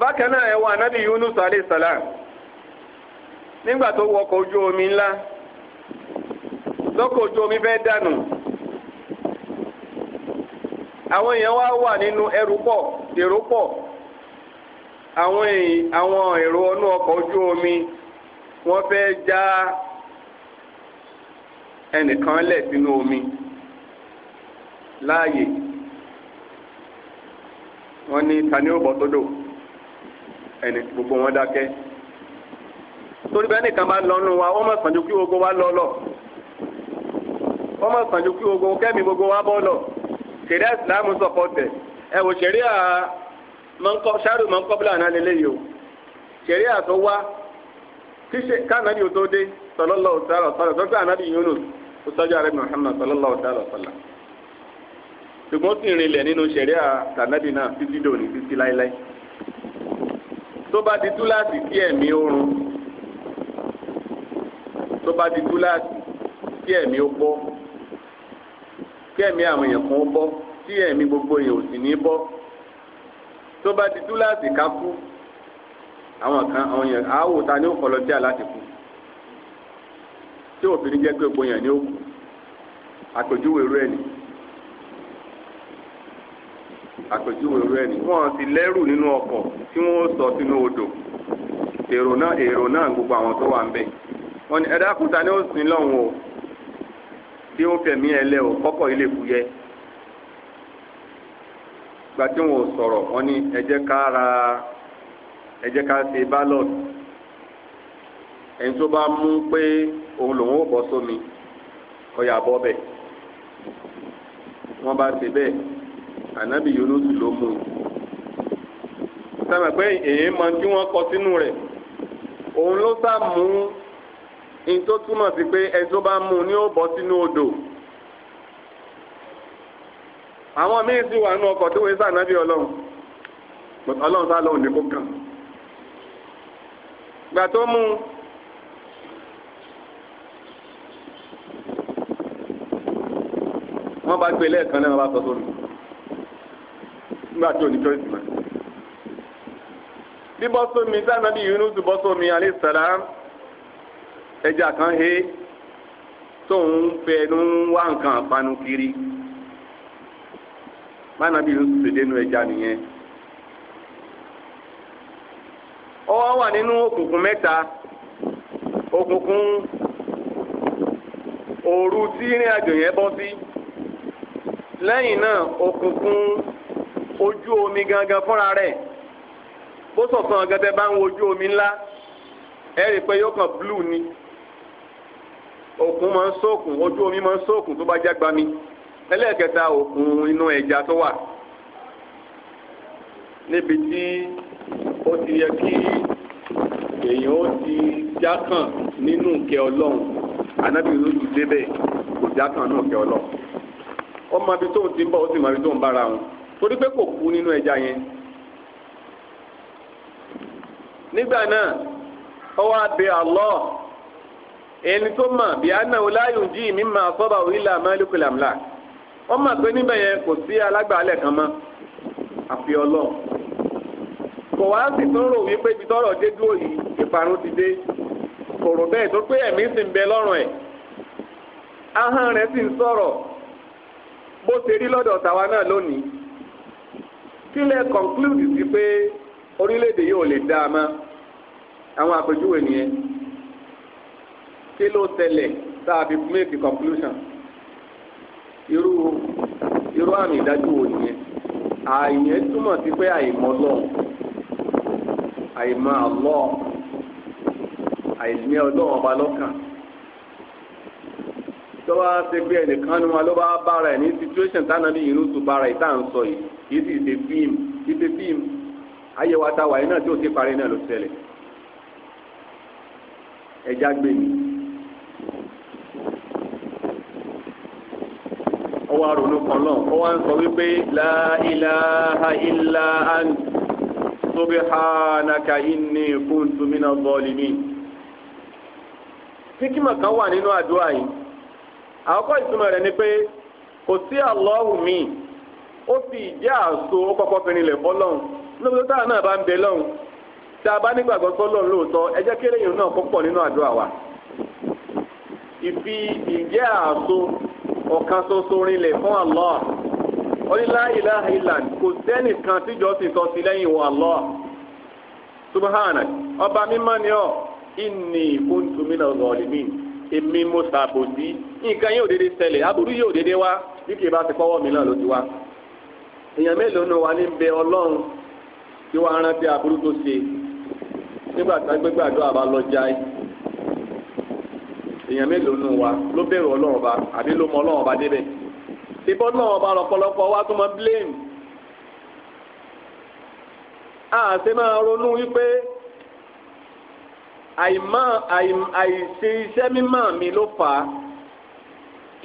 bákan náà ẹ wọ ànábì Yunus alayhi salam. nígbà tó wọkọ̀ ojú omi ńlá lọ́kọ̀ ojú omi fẹ́ dànù àwọn èèyàn wá wà nínú ẹrù pọ̀ èrò pọ̀ àwọn èèyàn àwọn èrò ọnú ọkọ̀ ojú omi wọ́n fẹ́ já ẹnìkan lẹ̀ sínú omi láàyè wọ́n ní ta ní ó bọ́ ẹnì gbogbo wọn dákẹ́. torí bẹ́ẹ̀ nìkan bá lọ nù wa ó mọ̀ sànjú kí gbogbo wa lọ lọ ó mọ̀ sànjú kí gbogbo kẹ́mi gbogbo wa bọ́ lọ ṣẹ̀ríà ìsìlámù sọ̀pọ̀tẹ̀ ẹ wò ṣẹ̀ríà ṣáàrù mọ́ńkọ́bílà náà lélẹ́yìí o ṣẹ̀ríà tó wá kí káànábì ò tó dé sallallahu ta'ala sallam tó gbé ànábì Yunus ó sọ́jọ́ àrẹ Muhammad sallallahu ta'ala sallam ṣùgbọ́n sì rìnlẹ̀ nínú ṣẹ̀ríà tànábì náà títí dòní títí láéláé tó bá di túláàsì sí ẹ̀mí oorun tó bá di túláàsì kí ẹ̀mí ó bọ́ kí ẹ̀mí àwọn èèyàn kan ó bọ́ tí ẹ̀mí gbogbo èèyàn ò sì ní bọ́ tó bá di túláàsì ká kú àwọn kan àwọn èèyàn àáwò ta ni ó kọ̀ lọ díà láti kú tí òfin jẹ́ pé gbogbo èèyàn ni ó kú àpèjúwe irú ẹ̀ ni àpèjúwe irú ẹ̀ wọ́n ti lẹ́rù nínú ọkọ̀ tí wọ́n sọ sínú odò èrò náà èrò náà gbogbo àwọn tó wà ń bẹ̀ wọ́n ní ẹ̀dá kùtà ni ó sìn lọ́hùn o tí ó fẹ̀mí ẹ lẹ́ o kọ́kọ́ ilé kú yẹ gba tí wọn ò sọ̀rọ̀ wọ́n ní ẹ jẹ́ ká ra ẹ jẹ́ ká ṣe ballot ẹni tó bá mú pé òun lòun ò bọ́ sómi ọyà bọ́ bẹ̀ wọ́n bá ṣe bẹ́ẹ̀ ànábì Yunus ló mú un sọ pé èyí mọ tí wọ́n kọ sínú rẹ̀ òun ló sá mú un ní tó túmọ̀ sí pé ẹni tó bá mú un ní ó bọ́ sínú odò àwọn míín sì wà nínú ọkọ̀ tó wé sànábì ọlọ́run ọlọ́run sá lọ́hùn ní kó kàn gbà tó mú un. wọ́n bá gbé lẹ́ẹ̀kan náà wọ́n bá sọ sórí nígbà tí òní choice mọ́. bí bọ́sọ́mi sáà náà bí Yunus bọ́sọ́mi alayhi salam. ẹja kan he tóun ẹnu wá nǹkan àpanu kiri bánabi ló sùn dénú ẹja nìyẹn ọwọ́ wà nínú òkùnkùn mẹ́ta òkùnkùn òru tí ìrìn àjò yẹn bọ́ sí lẹ́yìn náà òkùnkùn ojú omi gangan fúnra rẹ̀ bó sọ̀tàn gẹ́gẹ́ bá ń wojú omi ńlá ẹ̀rí pé yóò kàn blue ni òkun ma ń sókun ojú omi ma ń sókun tó bá jẹ́ gbami ẹlẹ́ẹ̀kẹta òkun inú ẹja tó wà níbi tí ó ti yẹ kí èèyàn ó ti jákàn nínú ìkẹ́ ọlọ́run anábì lójú débẹ̀ kò jákàn nínú ìkẹ́ ọlọ́run ó ti ń bọ̀ ó sì bára ẹni tó mọ̀ bí anáwó láyò jí mi máa sọ́ba orílẹ̀ amálùkùlà mìlá wọ́n mọ̀ pé níbẹ̀ yẹn kò sí alágbàálẹ̀ kan mọ́ àfi ọlọ́run kò wá sì tó wípé ibi tọ́rọ̀ dé dúró yìí ìparun ti dé kò bẹ́ẹ̀ tó pé ẹ̀mí sì ń bẹ lọ́rùn ẹ̀ ahọ́n rẹ̀ sì ń sọ̀rọ̀ bó ṣe rí lọ́dọ̀ tàwa náà lónìí kílẹ̀ conclude sí pé orílẹ̀-èdè yóò lè dáa mọ́ àwọn àpèjúwe nìyẹn. kí ló tẹ̀lẹ̀ tá a fi make conclusion irú irú àmì ìdájú wo nìyẹn túmọ̀ sí pé àìmọ̀ lọ àìmọ̀ àlọ́ àìní ọlọ́run ọba lọ́kàn tó bá ṣe pé ẹnìkan ẹ̀ ní situation táwọn ní ìrú tu bára ẹ̀ tá à ń sọ yìí kì sì ṣe tí ó ti parí náà ló ṣẹlẹ̀ ẹja gbé mi. wá ronú kan náà ó wá ń sọ wípé la ilaha ha ant ha inni kuntu minaz zalimin. hikima kan wà nínú àdúrà yìí àkọ́kọ́ ìtumọ̀ rẹ̀ ni pé kò sí Allahu mi ó fi ìjẹ́ àṣọ lóbi bá ń bẹ lọ́hùn a bá nígbàgbọ́ sọ́lọ́hùn lóòótọ́ kéré yìí nínú àdúrà wa ìfi ìjẹ́ ọ̀kan soso rinlẹ̀ fún Allah onílá ilaha illa kò sẹ́nìkan tíjọ́ sì tọ́ sí lẹ́yìn wọn Allah subhanak ọba mímọ́ ni ọ́ inni kuntu èmi mo ṣàbòsí nǹkan yóò dédé ṣẹlẹ̀ aburú yóò dédé wá bí kì í bá ti fọwọ́ mi náà ló ti wá èèyàn mélòó ni wà ní bẹ ọlọ́run tí wàá rántí aburú tó èèyàn mélòó nù wa ló bẹ̀rù ọlọ́run ọba àbí ló mọ ọlọ́run ọba débẹ̀ ìbọn ọlọ́run ọba lọ́pọ̀lọpọ̀ wa tó mọ blame àti máa ronú wípé àìmọ̀ àìṣe iṣẹ́ mímọ́ mi ló fà á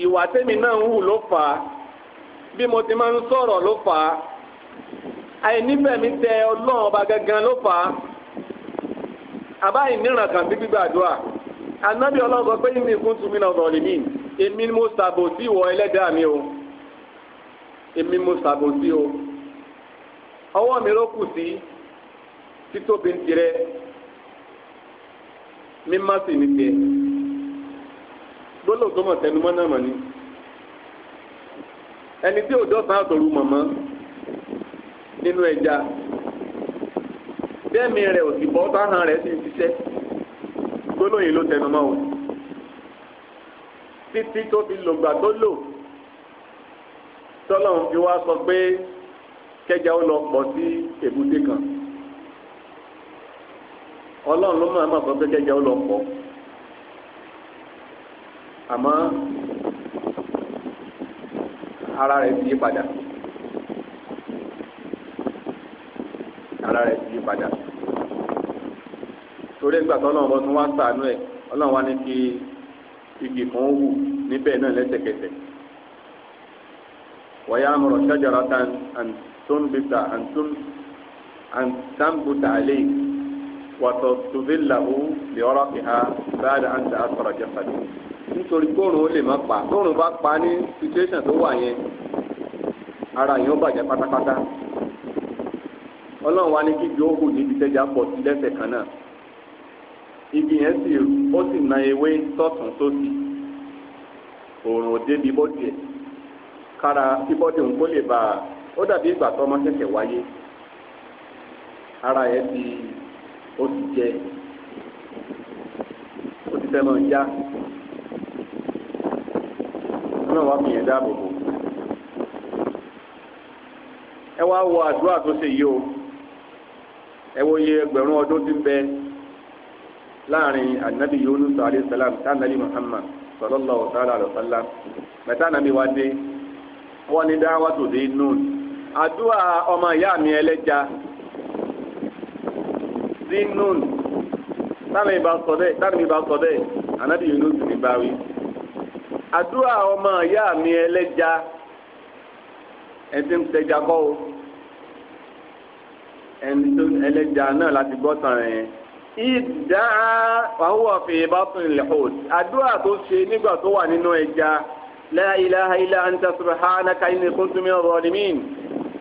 ìwà tẹ́mi náà ń hù ló fà á bí mo ti máa ń sọ̀rọ̀ ló fà á àìnífẹ̀mí tẹ ọlọ́run ọba gangan ló fà á àbá ìníran kan sí gbígbàdúrà anábì ọlọ́run sọ pé ní ìkún tún mi náà ọ̀rọ̀ lèmi èmi mo ṣàbò sí ìwọ ẹlẹ́dàá mi o èmi mo ṣàbò sí o ọwọ́ mi ló kù sí títóbi ń tirẹ̀ mímá sì ní tiẹ̀ gbólóhùn tó mọ̀ tẹnumọ́ náà mọ̀ ni ẹni tí òjò sàn àtòrú mọ̀mọ́ nínú ẹja bẹ́ẹ̀ mi rẹ̀ ò sì bọ́ táhàn rẹ̀ sì ń ṣiṣẹ́ gbólóyìn ló tẹnu mọ́ o títí tó fi lògbà tó lò tọ́lọ́run fi wá sọ pé kẹjà ó lọ pọ̀ sí èbúté kan ọlọ́run ló máa ma sọ pé kẹjà ó lọ pọ̀ àmọ́ ara rẹ̀ ti yí padà ara rẹ̀ ti yí padà torí ìgbà tó ọlọ́run ọdún wá sàánú ẹ̀ ọlọ́run wá ní kí igi kan wù níbẹ̀ náà lẹ́sẹ̀kẹsẹ̀ wọ́yá amọ̀rọ̀ ṣájára ta àǹtóńbìtà àǹtàǹbùtà àlẹ́ wàtò tùbílàwù lè ọ̀rọ̀ fi ha báyà àǹtà àtọ̀rọ̀ jẹ́ pàdé nítorí kóòrùn ó lè má pa kóòrùn bá pa ní situation tó wà yẹn ara yẹn ó bàjẹ́ pátápátá ọlọ́run wá ní kí igi níbi tẹ́jà pọ̀ sí lẹ́sẹ̀ kan náà igi yẹn sì ó sì na ewé sọ́tún sósì òòrùn òde bíi bọ́dì ẹ̀ kára tí bọ́dì òun kó lè bá a ó dàbí ìgbà tó ọmọ ṣẹ̀ṣẹ̀ wáyé ara yẹn ti ó ti jẹ ó ti fẹ́ máa já náà wá fi yẹn dáàbò bò ẹ wá wo àdúrà tó ṣe yìí o ẹ wo iye ẹgbẹ̀rún ọdún tí ń bẹ láàrin anabi yunus alayhi salam sanadi muhammad sallallahu ta'ala alayhi wa sallam mẹ́ta anabi wa dé wọ́n ní dáwà tó dé nun àdúrà ọmọ ìyá mi ẹlẹ́ja dé nun táwọn ìbá sọ bẹ́ẹ̀ táwọn ìbá sọ bẹ́ẹ̀ anabi yunus ní báwí àdúrà ọmọ ìyá mi ẹlẹ́ja ẹtí ń tẹja kọ́ o ẹni náà láti gbọ́ tàn yẹn. ìdáa wàhùwà fi bàtún lẹ́hùd. àdúrà tó ṣe nígbà tó wà nínú ẹja la ilaha illa ha subhanaka inni kuntu min adh-dhalimin.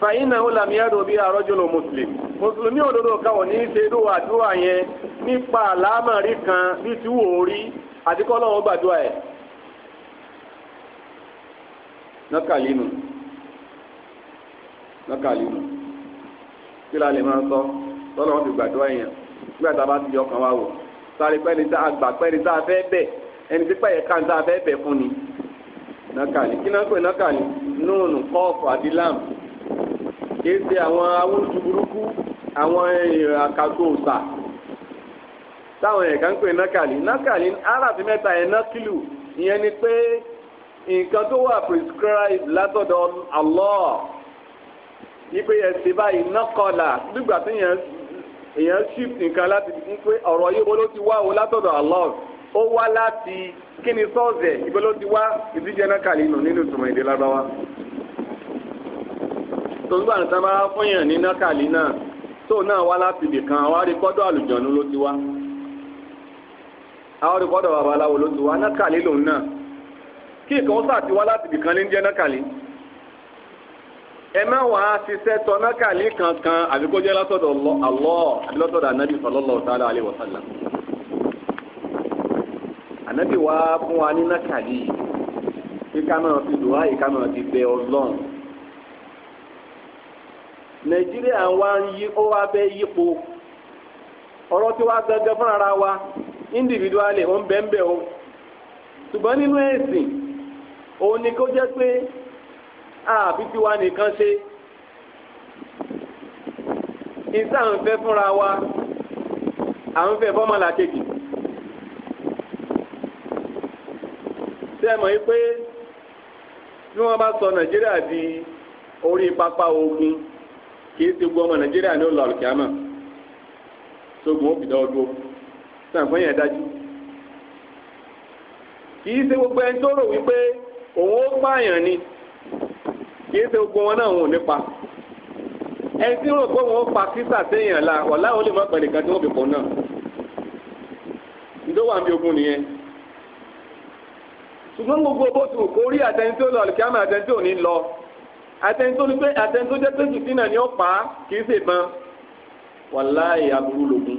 fa innahu lam yad'u biha rajulun muslim. mùsùlùmí òdodo kan ò ní í ṣe irú àdúrà yẹn nípa àlámọ̀rí kan bí ti wò ó rí àti kọ́ lọ́wọ́ gbàdúrà ẹ̀. nọ́kàlínù nọ́kàlínù kí máa sọ fi gbàdúrà yẹn. nígbà tá a bá ti yọ ọkàn wa wò sáré pẹ́ni tá a gbà pẹ́ni tá a fẹ́ bẹ̀ ẹni tí pẹ́yẹ kan tá a fẹ́ bẹ̀ fún ni nàkàlì kí náà pè nàkàlì nóònù kọ́ọ̀fù àti láàmù kìí ṣe àwọn awúrúju burúkú àwọn eh, àkàtò òòsà táwọn ẹ̀ka ń pè nàkàlì nàkàlì aráàfin mẹ́ta ẹ̀ nàkìlù ìyẹn ni pé nǹkan tó wà prescribed látọ̀dọ̀ Allah ipe ẹ̀sìn báyìí nàkọlà dùgbà tó yẹn èèyàn shift nǹkan láti fi fún pé ọ̀rọ̀ yìí wọ́n ló ti wá o látọ̀dọ̀ Allah ó wá láti kí ni sọ́ọ̀sẹ̀ ìbẹ́ ló ti wá ìdíje náà kàlí nù nínú ìtumọ̀ èdè lábáwá. tòǹgbà nǹkan bá fún yàn ní nákàlí náà tó náà wá láti ibì kan àwọn arìkọ́dọ̀ àlùjọ̀nù ló ti wá àwọn arìkọ́dọ̀ babaláwo ló ti wá nákàlí lòun náà kí ìkan ó sàtiwá láti ibì kan ní jẹ́ nákàlí. ẹ má kankan àbí kó jẹ́ anabi sallallahu ta'ala alaihi wa anabi wa fún wa ní nákàlí kí ká máa dùn áyè ká máa fi bẹ nàìjíríà wa yí ó wá wa individually ó ń o ṣùgbọ́n nínú ẹ̀sìn òun ni kó àbíbí wa nìkan ṣe ìsà ń fẹ́ fúnra wa à ń fẹ́ fọ́mọ̀là kejì sẹ́mọ̀ yìí pé bí wọ́n bá sọ nàìjíríà di orí pápá ogun kì í ṣe gbọ́ ọmọ nàìjíríà ní ọ̀là ọ̀kìámà sógun òbídọ́ ọdún sàǹfọ̀n yẹn dájú kì í ṣe gbogbo ẹni tó rò wípé òun ó pààyàn ni kì í ṣe gbogbo wọn náà wọn nípa ẹni tí rò pé wọn pa kísà séèyàn la ọ̀la ó lè má pẹ̀lú kan tí wọ́n fi pọ̀ náà ndó wà mí ogun nìyẹn ṣùgbọ́n gbogbo bó tu kò rí àtẹnudó lọ àlùkìyàmọ̀ àtẹnudó ní lọ àtẹnudó ní pé àtẹnudó jẹ́ pé jùtínà ni ó pa á kì í ṣe ban wàláì aburú lògùn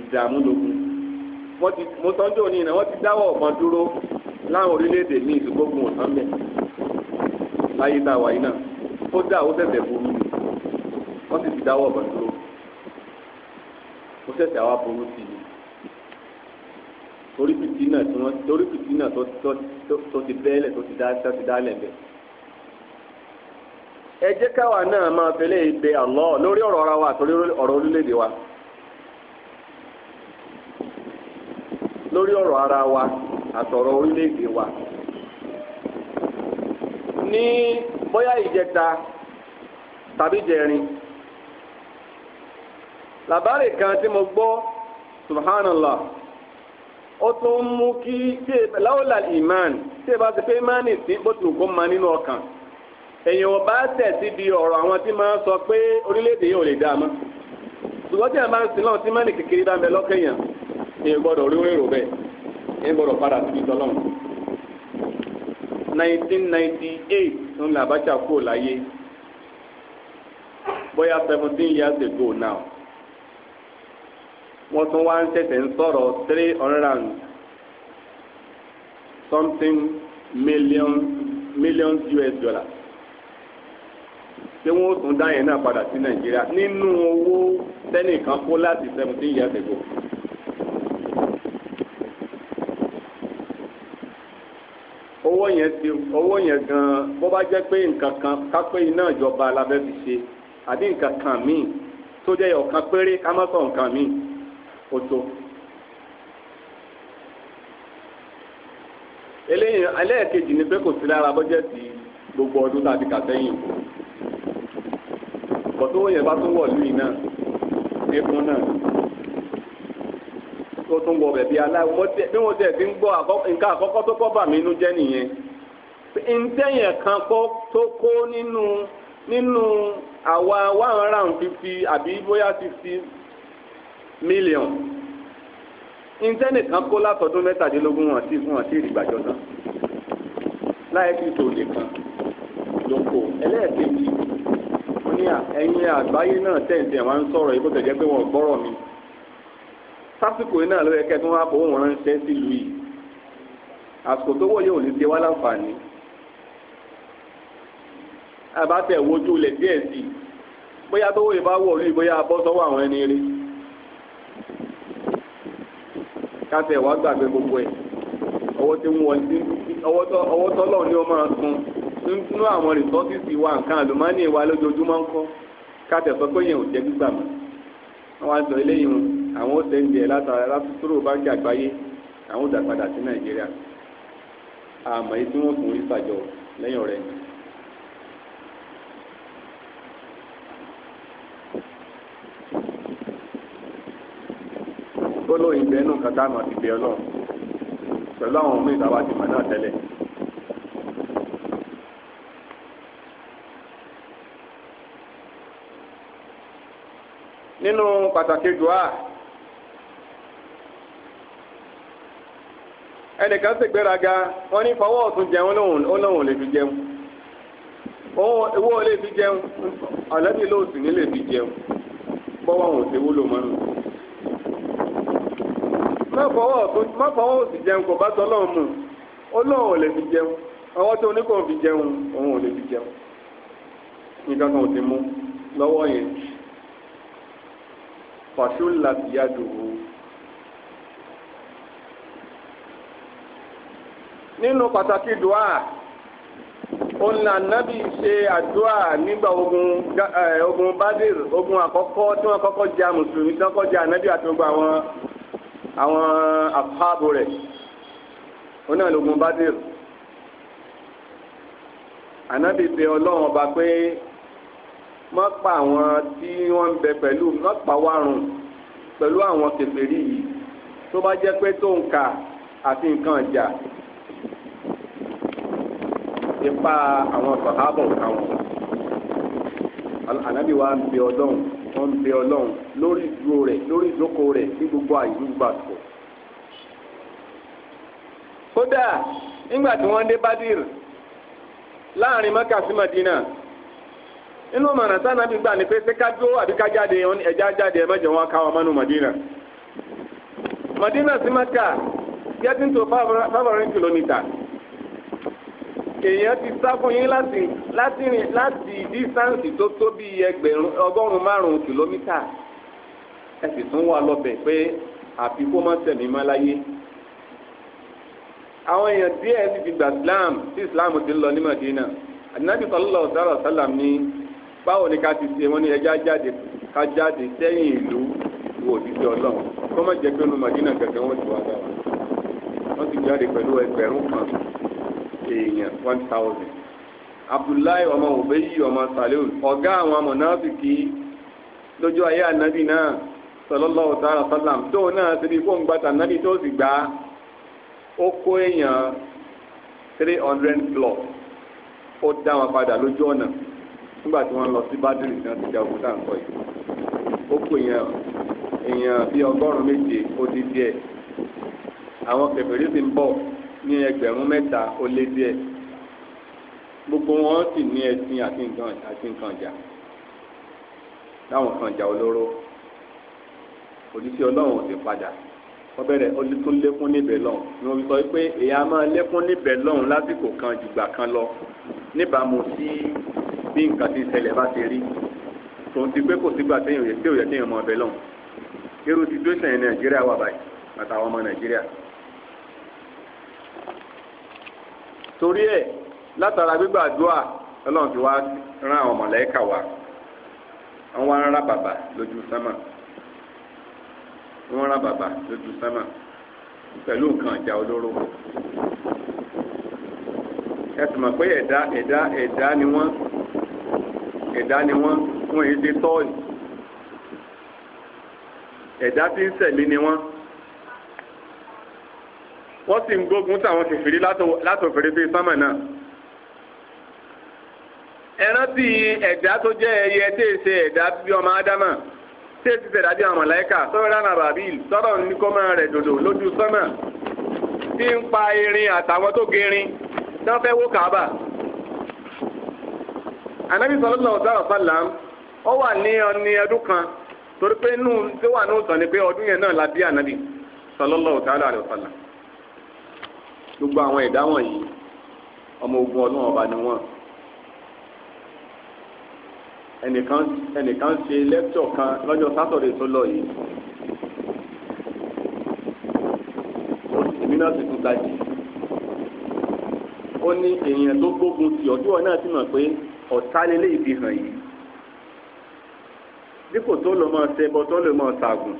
ìdààmú lògùn wọ́n ti mo sọ́jọ́ ní ìná wọ́n ti dáwọ́ ọ̀kan dúró láwọn orílẹ̀-èdè ní ìdúgbògùn ọ̀sán bẹ́ẹ̀. láyé tá a wà náà ó dá ó ṣẹ̀ṣẹ̀ burú ni wọ́n sì ti dáwọ́ ọ̀bọ̀n dúró ó ṣẹ̀ṣẹ̀ àwa burú sí i torí pìtì náà tí wọ́n torí pìtì náà tó ti bẹ́ẹ̀lẹ̀ tó ti dálẹ̀ ẹ jẹ́ káwa náà máa fẹlẹ́ ìgbé àlọ́ lórí ọ̀rọ̀ wa ní bóyá ìjẹta tàbí jẹrin làbárè kan tí mo gbọ́ subhanallah ó tún mú kí tí láwùlà ìmán tí e bá ti pé ìmánì sí bó ti kó nínú ọkàn èèyàn ò bá tẹ̀ di ọ̀rọ̀ àwọn tí máa ń sọ pé orílẹ̀-èdè yìí ò lè dáa mọ́ ṣùgbọ́n tí a máa ń sin náà tí kékeré bá ń 1998 ń la Abacha kúrò láyé bóyá 17 years ago now wọ́n tún wá ń ṣẹ̀ṣẹ̀ ń sọ̀rọ̀ three hundred something million millions US dollars ṣé wọ́n tún dá yẹn náà padà sí Nàìjíríà nínú owó tẹ́nìkan kó láti 17 years ago. ọwọ́ yẹn ti ọwọ́ yẹn gan-an bó bá jẹ́ pé nǹkan kan kápé iná ìjọba alábẹ́ fi ṣe àbí nǹkan kan míì tó jẹ́ ọ̀kan péré ká má sọ nǹkan míì ó tó. eléyìí ẹlẹ́ẹ̀kejì ni pé kò sí lára bọ́jẹ́ ti gbogbo ọdún tàbí kàtẹ́yìn bọ̀tówó yẹn bá tún wọ̀ lùyìn náà eégún náà tó tún wọ bẹ̀bí aláwo bí wọ́n tẹ̀ fi ń gbọ́ nǹkan àkọ́kọ́ tó kọ́ bà mí inú jẹ́ nìyẹn ntẹ́yìn kan kọ́ tó kó nínú nínú àwa one hundred and fifty àbí bóyá fifty million ntẹ́yìn kan kó látọdún mẹ́tàdínlógún wọn sí fún wọn sí ìdìgbàjọ́ náà láì fi tò nìkan ló kó ẹlẹ́ẹ̀kejì mo ní ẹ̀yin àgbáyé náà tẹ̀síẹ̀ máa ń sọ̀rọ̀ yìí bó tẹ̀ jẹ́ pé wọ́n gbọ́rọ̀ mi sásìkò yìí náà ló yẹ kẹ́kẹ́ wá fowó wọn ránṣẹ́ sílùú yìí àsìkò tó wọ̀ yóò ní ṣe wá láǹfààní àbátẹ̀ wojú lẹ̀ díẹ̀ sí i bóyá tó wòye bá wọ̀ lóyún bóyá bọ́ sọ́wọ́ àwọn ẹni rí kátẹ̀ wá gbàgbé gbogbo ẹ̀ ọwọ́ tí wọ́n ti ọwọ́ tọ́lọ̀ ni ó máa sun nínú àwọn rìsọ́ọ̀sì wa nǹkan àlùmọ́nì wa lójoojúmọ́ ń kọ́ kátẹ̀ sọ pé yẹn ò jẹ́ gbígbà mọ́ wọ́n á sọ eléyìí wọn àwọn ó sẹ́ńdì ẹ̀ látara látúrò báńkì àgbáyé àwọn ó dà padà sí nàìjíríà àmọ́ èyí tí wọ́n fún orí sàjọ lẹ́yìn ọ̀rẹ́ yìí. ìgbẹ́ inú kan tá a máa fi bẹ ọlọ́run pẹ̀lú àwọn ọmọ ìta wa ti mọ̀ náà tẹ́lẹ̀. nínú pàtàkì dùá ẹnìkan sì gbéraga wọ́n ní fọwọ́ ọ̀tún jẹun lóhùn lè fi jẹun òun owó lè fi jẹun ọ̀lẹ́bí lóòsì ní lè fi jẹun bọ́wọ́ òun ti wúlò mọ́nu. má fọwọ́ òsì jẹun kò bá tọ́ lọ́hùn mu olóhùn ò lè fi jẹun ọwọ́ tó ní kò fi jẹun òun ò lè fi jẹun nǹkan kan ò ti mú lọ́wọ́ yẹn fàṣúlà tìyàdùn òun. nínú pàtàkì dùá ọ̀nà nábì ṣe àdúà nígbà ogun ogun badir ogun àkọ́kọ́ tí wọ́n kọ́kọ́ ja mùsùlùmí tí wọ́n kọ́kọ́ ja nábì àti ogun àwọn àwọn àfáàbò rẹ̀ ọ̀nà ogun badir ànábì bẹ ọlọ́run ọba pé má pa àwọn tí wọ́n ń bẹ pẹ̀lú má pa wárùn pẹ̀lú àwọn kèfèrí yìí tó bá jẹ́ pé tó ń kà àti nǹkan ìjà ipa àwọn sàhábọ̀ káwọn ànábì wa ń bẹ ọlọ́run wọ́n ń bẹ ọlọ́run lórí ìdúró rẹ̀ lórí ìdókòó rẹ̀ ní gbogbo àyè gbogbo àtúkọ̀. kódà nígbà tí Badir láàrin Maka sí Madina inú mọ̀nà sànàbí gbà ní pé ṣé ká dúró àbí ká jáde ẹja jáde ẹ mẹ́jọ wọn káwọn Madina. Madina sí Maka yẹ́tí ń èèyàn ti sá fún yín láti láti rìn láti dísáǹsì tó tó bíi ẹgbẹ̀rún ọgọ́rùn-ún márùn-ún kìlómítà ẹ sì tún wà lọ́bẹ̀ pé àfi kó má tẹ̀mí má láyé àwọn èèyàn díẹ̀ ti fi gbà Islam tí Islam ti ń lọ ní Madina àdínábì sallallahu alaihi wasallam ní báwo ni ká ti ṣe wọn ní ẹja jáde ká jáde sẹ́yìn ìlú wo òdìsí ọlọ́run kó pé ọ̀nà Madina gẹ̀gẹ́ wọn ti wá dára wọ́n ti jáde pẹ̀lú ẹgbẹ̀rún kan. èèyàn one thousand abdullahi ọmọ obeyi ọmọ àwọn amọ̀nàfìkì lójú ayé náà tó náà fóun gbàtà tó sì gbà ó kó èèyàn three hundred padà lójú ọ̀nà nígbà tí lọ sí bádìrì náà ti yìí ó kó èèyàn èèyàn bíi ní ẹgbẹ̀rún mẹ́ta ó lé díẹ̀ gbogbo wọn sì ní ẹṣin àti nǹkan àti nǹkan ìjà láwọn kan ìjà olóró òdìsí ọlọ́run ò sì padà wọ́n bẹ̀rẹ̀ ó lé tó lékún níbẹ̀ lọ́hùn ni wọ́n fi sọ pé èyí á máa lékún níbẹ̀ lọ́hùn lásìkò kan jùgbà kan lọ níbàámu sí bí nǹkan ti ń ṣẹlẹ̀ bá ti rí tòun ti pé kò sígbà téèyàn yẹ téèyàn yẹ téèyàn mọ ọbẹ̀ lọ́hùn irú situation Nàìjíríà wà báyìí àtàwọn ọmọ Nàìjíríà. torí ẹ̀ látara gbígbàdúrà ọlọ́run ti wá rán àwọn mọ̀lẹ́kà wá wọ́n wá rán bàbà lójú sánmà wọ́n rán bàbà lójú sánmà pẹ̀lú nǹkan ìjà olóró ẹ sì mọ̀ pé ẹ̀dá ẹ̀dá ẹ̀dá ni wọ́n ẹ̀dá ni wọ́n wọ́n èyí ti tọ́ọ̀lì ẹ̀dá tí ń sẹ̀mí ni wọ́n wọ́n sì ń gbógun táwọn kẹfìrí látòfèrè bíi sámà náà. ẹran tí ẹ̀dá tó jẹ́ ẹyẹ tí ì ṣe ẹ̀dá bí ọmọ ádámà tí ì ti ṣẹ̀dá bí àwọn màláíkà sọ́rọ́ lánàá bàbí sọ́rọ̀ níkọ́mọ́ rẹ̀ dòdò lójú sámà tí ń pa irin àtàwọn tó gerin tí wọ́n fẹ́ wó kàábà. ànábì sallallahu alaihi wasallam ó wà ní ọ̀nì ọdún kan torí pé nù tí wà ní òtàn ni pé ọdún yẹn náà la bí ànábì sallallahu alaihi wasallam gbogbo àwọn ẹ̀dá wọ̀nyí ọmọ ogun ọlọ́run ọba ni wọ́n ẹnìkan ẹnìkan ṣe lẹ́kítọ̀ kan lọ́jọ́ sátọ̀dé tó lọ yìí èmi náà sì tún tají ó ní èèyàn tó gbógun tì ọ́ tí wọ́n náà ti mọ̀ pé ọ̀tá lélẹ́yìí fi hàn yìí dípò tó lọ́ mọ́ ọ ṣẹbọ tó lọ́ mọ́ ṣàgùn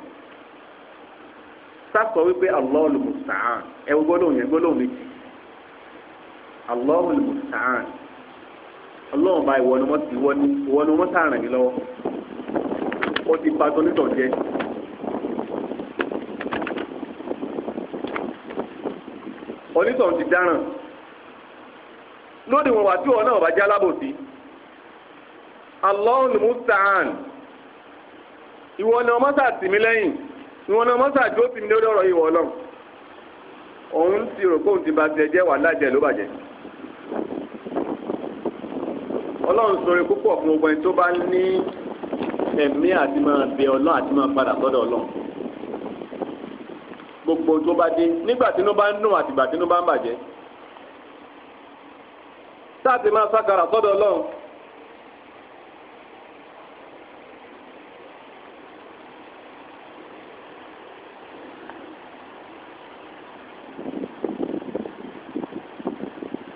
sákọ wípé Allahul Musta'an ẹ wo gbólóhùn yẹn gbólóhùn méjì Allahul Musta'an ọlọ́run bá ìwọ ni wọ́n ti wọ́n ìwọ ni wọ́n sàràn mí lọ́wọ́ ó ti ba tónítọ̀ jẹ́. onítọ̀hún ti dáràn lóde wọn wà tí wọn náà bá já lábòsí Allahul ìwọ ni ọmọ sàtìmí lẹ́yìn ìwọ̀n náà mọ́sá jó sinmi lórí ọ̀rọ̀ ìwọ̀ ọlọ́run òun ti rò kóun ti ba tiẹ̀ jẹ́ wà lájẹ̀ ló bàjẹ́ ọlọ́run ṣoore púpọ̀ fún gbogbo ẹni tó bá ní ẹ̀mí àti máa bẹ ọlọ́run àti máa padà sọ́dọ̀ ọlọ́run gbogbo tó bá dé nígbà tí inú bá ń dùn àtìgbà tí inú bá ń bàjẹ́ sáà ti máa sákàrà sọ́dọ̀ ọlọ́run.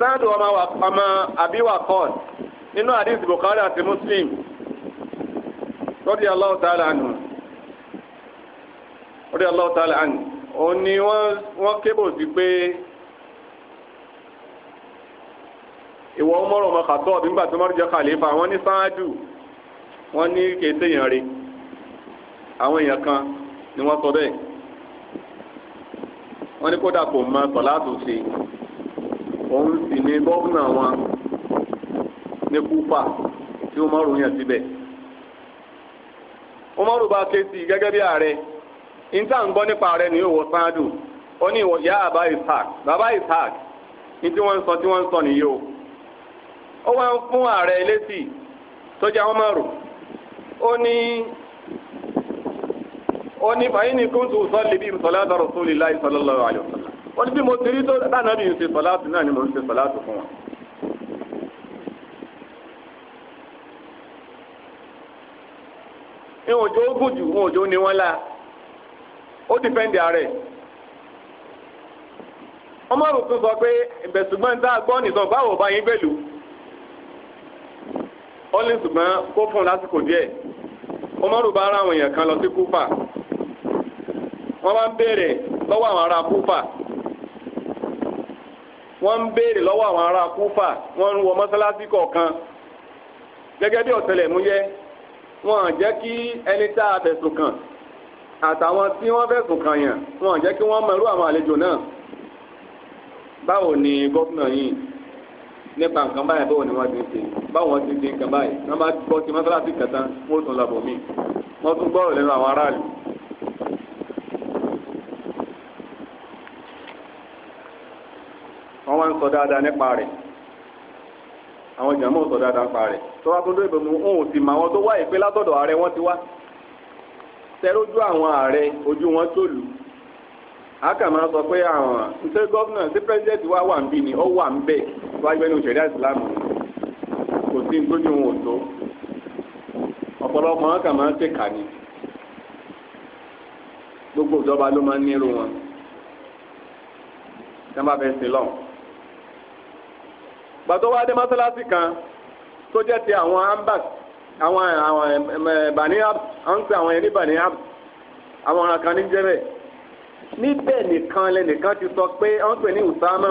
sáàdù ọmọ àbíwá kọ́ọ̀d nínú àdìs Bukhari àti Muslim radiyallahu ta'ala anhu radiyallahu ta'ala anhu òun ni wọ́n kébò sí pé ìwọ ọmọrọ ọmọ Khattab nígbà tó mọ́rọ̀ jẹ́ khalifa wọ́n ní sáàdù wọ́n ní kété èèyàn rí àwọn èèyàn kan ni wọ́n sọ bẹ́ẹ̀ wọ́n ní kódà kò mọ sọ̀láàtù ṣe. òun sì ni gọ́vùnà wọn ní kúfà tí Umaru yàn síbẹ̀ Umaru bá ké sí gẹ́gẹ́ bí ààrẹ níta ń gbọ́ nípa ààrẹ ní ìwọ sáádù ó ní ìwọ ìyá àbá Ishaq bàbá Ishaq ní tí wọ́n ń sọ tí wọ́n ń sọ nìyí o ó wá ń fún ààrẹ lésì tó jẹ́ Umaru ó ní ó ní fàyín ní kúntù sọ́ọ́lì bíi sọ́lá dọ̀rọ̀ sólì láì wọ́n ní bí mo ti rí tó lánàá bí n ṣe sọ̀láàtù náà ni mo ń ṣe sọ̀láàtù fún wọn. ìwọ̀n òjò jù ìwọ̀n òjò ni wọ́n la ó ààrẹ. ọmọ sọ pé ìbẹ̀sùgbọ́n tá a gbọ́ nìkan báwo bá yín gbèlú. ó ní ṣùgbọ́n ara àwọn kan lọ sí kúfà wọ́n bá ń béèrè lọ́wọ́ àwọn ará kúfà. wọ́n ń béèrè lọ́wọ́ àwọn ará kúfà wọ́n ń wọ mọ́sálásí kọ̀ọ̀kan gẹ́gẹ́ bí ọ̀tẹlẹ̀múyẹ́ wọ́n á jẹ́ kí ẹni tá a fẹ̀sùn kàn àtàwọn tí wọ́n fẹ̀sùn kàn yàn wọ́n á jẹ́ kí wọ́n mọ irú àwọn àlejò náà báwo ni gómìnà yìí nípa nǹkan báyìí báwo ni wọ́n ti ń ṣe báwo wọ́n ti ṣe nǹkan báyìí wọ́n bá gbọ́ sí mọ́sálásí kẹta wọ́n tún lọ bọ̀ míì wọ́n tún gbọ́rọ̀ lẹ́nu àwọn aráàlú sọ dáadáa nípa rẹ̀ àwọn jàmọ́ sọ dáadáa nípa rẹ̀ tó wá tó dé ìbomú òun ò sì mọ àwọn tó wá ìpè látọ̀dọ̀ ààrẹ wọn ti wá tẹ́lójú àwọn ààrẹ ojú wọn tó lù á kà máa sọ pé àwọn ṣé gọ́vnà ṣé pírẹ́sidẹ́ǹtì wa wà ń bí ni ó wà ń bẹ̀ wá gbẹ́ ní òṣèré ìsìlámù kò sí nítorí òun ò tó ọ̀pọ̀lọpọ̀ wọn kà máa ń ṣèkà ni gbogbo ìjọba ló máa ń nírú wọn tí wọ́n bá lọ́wọ́ gbàtọ́ wá dé mọ́sálásí kan tó jẹ́ ti àwọn ambas àwọn àwọn eh, bani abd àwọn pè àwọn ẹni bani abd àwọn ọ̀ràn kan ní jẹ́bẹ̀ níbẹ̀ nìkan lẹ́nìkan ti sọ pé wọ́n pè ní usama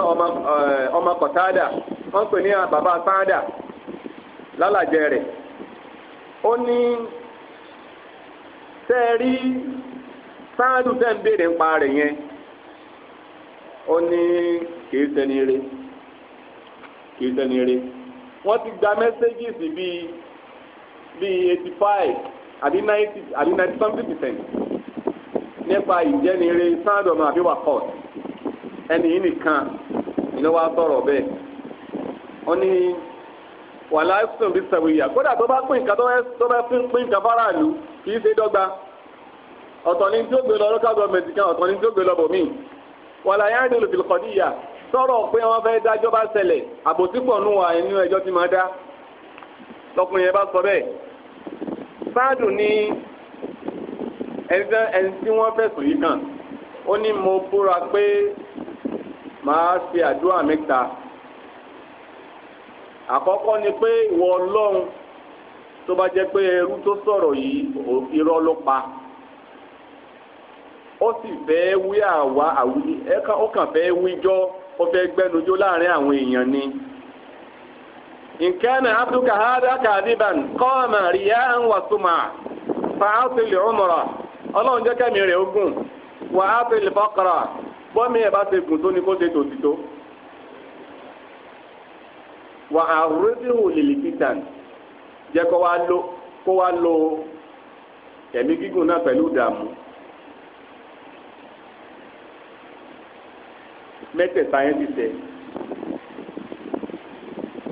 ọmọ kọ̀tádà eh, wọ́n pè ní bàbá sáádà lálàjẹ rẹ̀ ó ní tẹ́ ẹ rí sáádù tẹ́ ń béèrè ń pa rẹ̀ yẹn ó ní kì í ṣẹni rẹ̀ kì í sẹ́ni eré wọ́n ti gba mẹ́sẹ́gìs bíi bíi eighty five àbí ninety àbí ninety something percent nípa ìjẹ́niire sáàdọ̀mù àbí wakọ̀t ẹni yìí nìkan iná wa sọ̀rọ̀ bẹ́ẹ̀ wọ́n ní wàhálà ẹ̀sùn bí sẹ̀wéyà kódà tó bá pín nǹkan tó bá pín pín nǹkan fáráàlú kì í ṣe dọ́gba ọ̀tọ̀ ni tí ó gbé lọ local government kan ọ̀tọ̀ ni tí ó gbé lọ bòmíì wàhálà yára ní olùfìlùkọ́díyà sọ̀rọ̀ pé wọ́n fẹ́ dájọ́ bá ṣẹlẹ̀ àbòsí pọ̀ nù wà nínú ẹjọ́ tí máa dá lọkùnrin yẹn bá sọ bẹ́ẹ̀ sáàdù ní ẹni tí wọ́n fẹ̀sùn yìí kàn ó ní mo búra pé màá ṣe àdúrà mẹ́ta àkọ́kọ́ ni pé ìwọ ọlọ́run tó bá jẹ́ pé ẹrú tó sọ̀rọ̀ yìí irọ́ ló pa ó sì fẹ́ wí àwa àwí ó kàn fẹ́ wíjọ́. ó fẹ́ gbẹnujó láàrin àwọn èèyàn ni. nǹkan abdulka hada kadiban kọ́ọ̀mà ríyá ń wà súnmà fàásìlì ọmọrà ọlọ́run jẹ́ kẹ́mi rẹ̀ ogun wà fọ́kọ̀rọ̀ bọ́mí ẹ̀ bá ṣe gùn tó ní kó ṣe tòtítọ́ wà lìlì jẹ́ kó wá lo mẹ́tẹ̀ẹ̀ta yẹn ti tẹ̀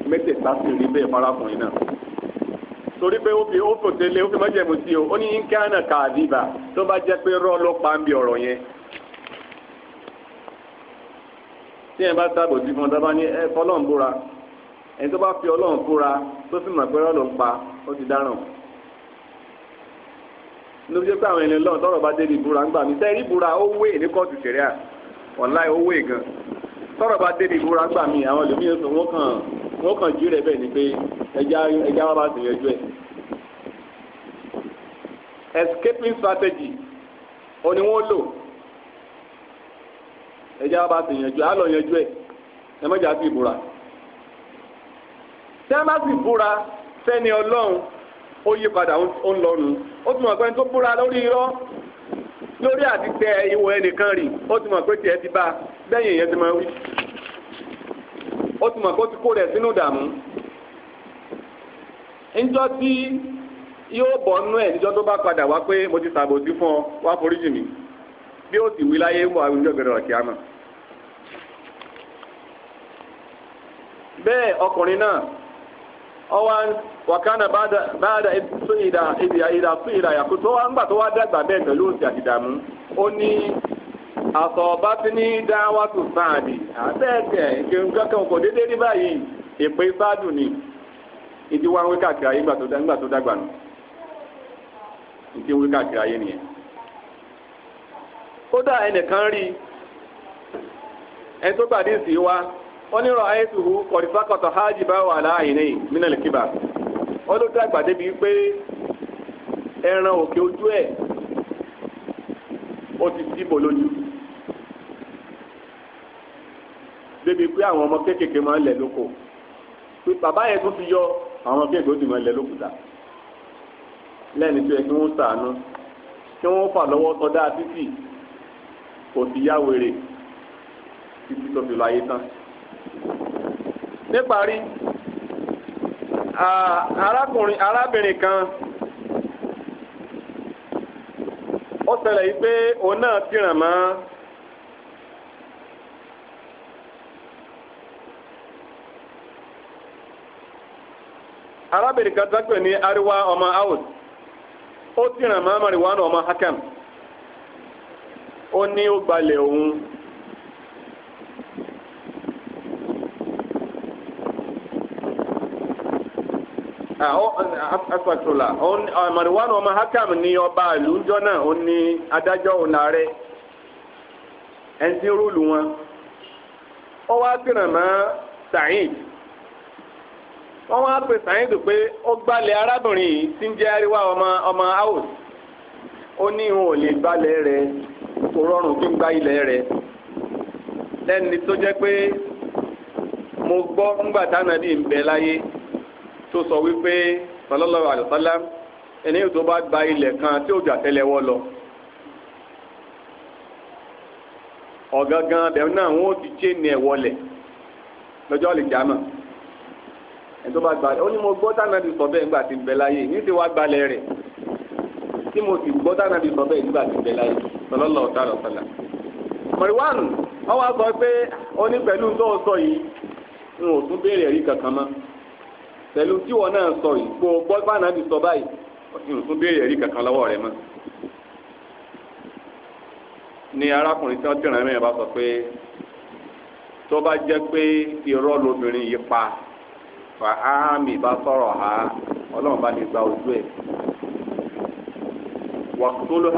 mẹ́tẹ̀ẹ̀ta sì rí bẹ́ẹ̀ farakùnrin náà torí pé ó fi ó fò délé ó fi má jẹ̀mú sí o ó ní kánà kàdíbà tó bá jẹ́ pé rọ́ ló pa ń bi ọ̀rọ̀ yẹn. tí yẹn bá sábò sí fún ọ dábàá ní ẹ fọlọ́n búra ẹni tó bá fi ọlọ́run búra tó sì mọ̀ pé rọ́ ló pa ó ti dáràn. ló fi jẹ́ pé àwọn ènìyàn lọ́run tọ́rọ̀ bá dé búra ń gbà mí sẹ́yìn búra ó wé ní kóòtù ṣẹ̀ríà wàláì owó ègan tọrọ bá dé ní ìbúra gbà mí àwọn ẹlòmíràn sọ wọn kàn wọn kàn jí rẹ bẹ́ẹ̀ ni pé ẹja ẹja wọn bá sì yẹjú ẹ escaping strategy òní wọn lò ẹja wọn bá sì yẹjú ẹ á lọ yẹjú ẹ ẹ mọ̀jà sí ìbúra tí wọn bá sì búra sẹ́ni ọlọ́run ó yí padà ó ń lọ́nu ó tún mọ̀ pé tó búra lórí irọ́ lórí àti tẹ ìwọ ẹnìkan rì ó ti mọ̀ pé tiẹ̀ ti bá bẹ́yìn ìyẹn ti máa wí ó ti mọ̀ pé ó ti kó rẹ̀ sínú ìdààmú níjọ́ tí yóò bọ̀ nú ẹ̀ níjọ́ tó bá padà wá pé mo ti ṣàbòsí fún ọ wá foríjì mi bí ó sì wí láyé wà wíjọ́ gbẹ̀rẹ̀ ọ̀kí àmọ́ bẹ́ẹ̀ ọkùnrin náà ọwọ́ wakana báyàdà sún ìdá ìdá sún ìdá yàkú ịra wá ńgbà tó wá dàgbà bẹ́ẹ̀ pẹ̀lú òsì àti ìdààmú ó ní àsọ̀ọ̀bá ti ní dáwàtú sáàdì àbẹ́ẹ̀tẹ̀ nǹkan kan kò déédéé ní ene wa. wọ́n ní rọ ayétuhu kọ̀rìfákọ̀tọ̀ hajj bá wà láàyìnlẹ̀ mínàlì kíbà wọ́n ló dàgbà débi pé ẹran òkè ojú ẹ̀ ó ti síbò lójú débi pé àwọn ọmọ kéékèèké máa ń lẹ̀ lóko pé bàbá yẹn tún ti yọ àwọn kéékèèké ó sì máa ń lẹ̀ lókùtà lẹ́ni tó yẹ kí wọ́n sàánú kí wọ́n fà lọ́wọ́ sọdá títì kò sì yá wèrè títí tó fi lọ ayé tán. níparí arákùnrin arábìnrin kan ó ṣẹlẹ̀ yìí pé òun náà tìràn mọ́ arábìnrin kan ní ariwa ọmọ out ó tìràn mọ́ mariwa ọmọ hakem ó ní ó gbalẹ̀ òun. asàtúlà ah, oh, oh, ah, ah, oh, marijuana ọmọ hakam ní ọba àlùjọ náà ó ní adájọ́ òun ààrẹ ẹni wọn ó wá gbìnà mọ́ Saheed wọ́n wá pè Saheed pé ó arábìnrin tí ń ọmọ ọmọ house ó ní ìhun ò lè gbalẹ̀ rẹ̀ kò rọrùn kí n gba tó pé mo ńgbà ń tó sọ wípé sallallahu alaihi wasallam ẹni tó bá gba ilẹ̀ kan tí ó jà tẹ́lẹ̀wọ́ lọ ọ̀gángan bẹ̀rù náà wọ́n ti ché ní ẹ̀wọ́lẹ̀ lọ́jọ́ lè jámà ẹni tó bá gba ó ní mo gbọ́ tánàbí sọ bẹ́ẹ̀ nígbà tí ń bẹ láyé ní ti wá gbalẹ̀ rẹ̀ tí mo sì gbọ́ tánàbí sọ bẹ́ẹ̀ nígbà tí ń bẹ láyé sallallahu alaihi wasallam mọ̀ríwánu wọ́n sọ pé ó ní pẹ̀lú tó sọ yìí n ò tún béèrè rí kankan mọ́ pẹ̀lú tí wọn náà sọ yìí kó sọ báyìí ọtún béèrè ẹ̀rí kankan lọ́wọ́ rẹ mọ́. ni arákùnrin tí wọ́n mẹ́rin bá sọ pé tó bá jẹ́ pé irọ́ lobìnrin yìí pa fà ba bá sọ̀rọ̀ ha ọlọ́run bá gba ojú ẹ̀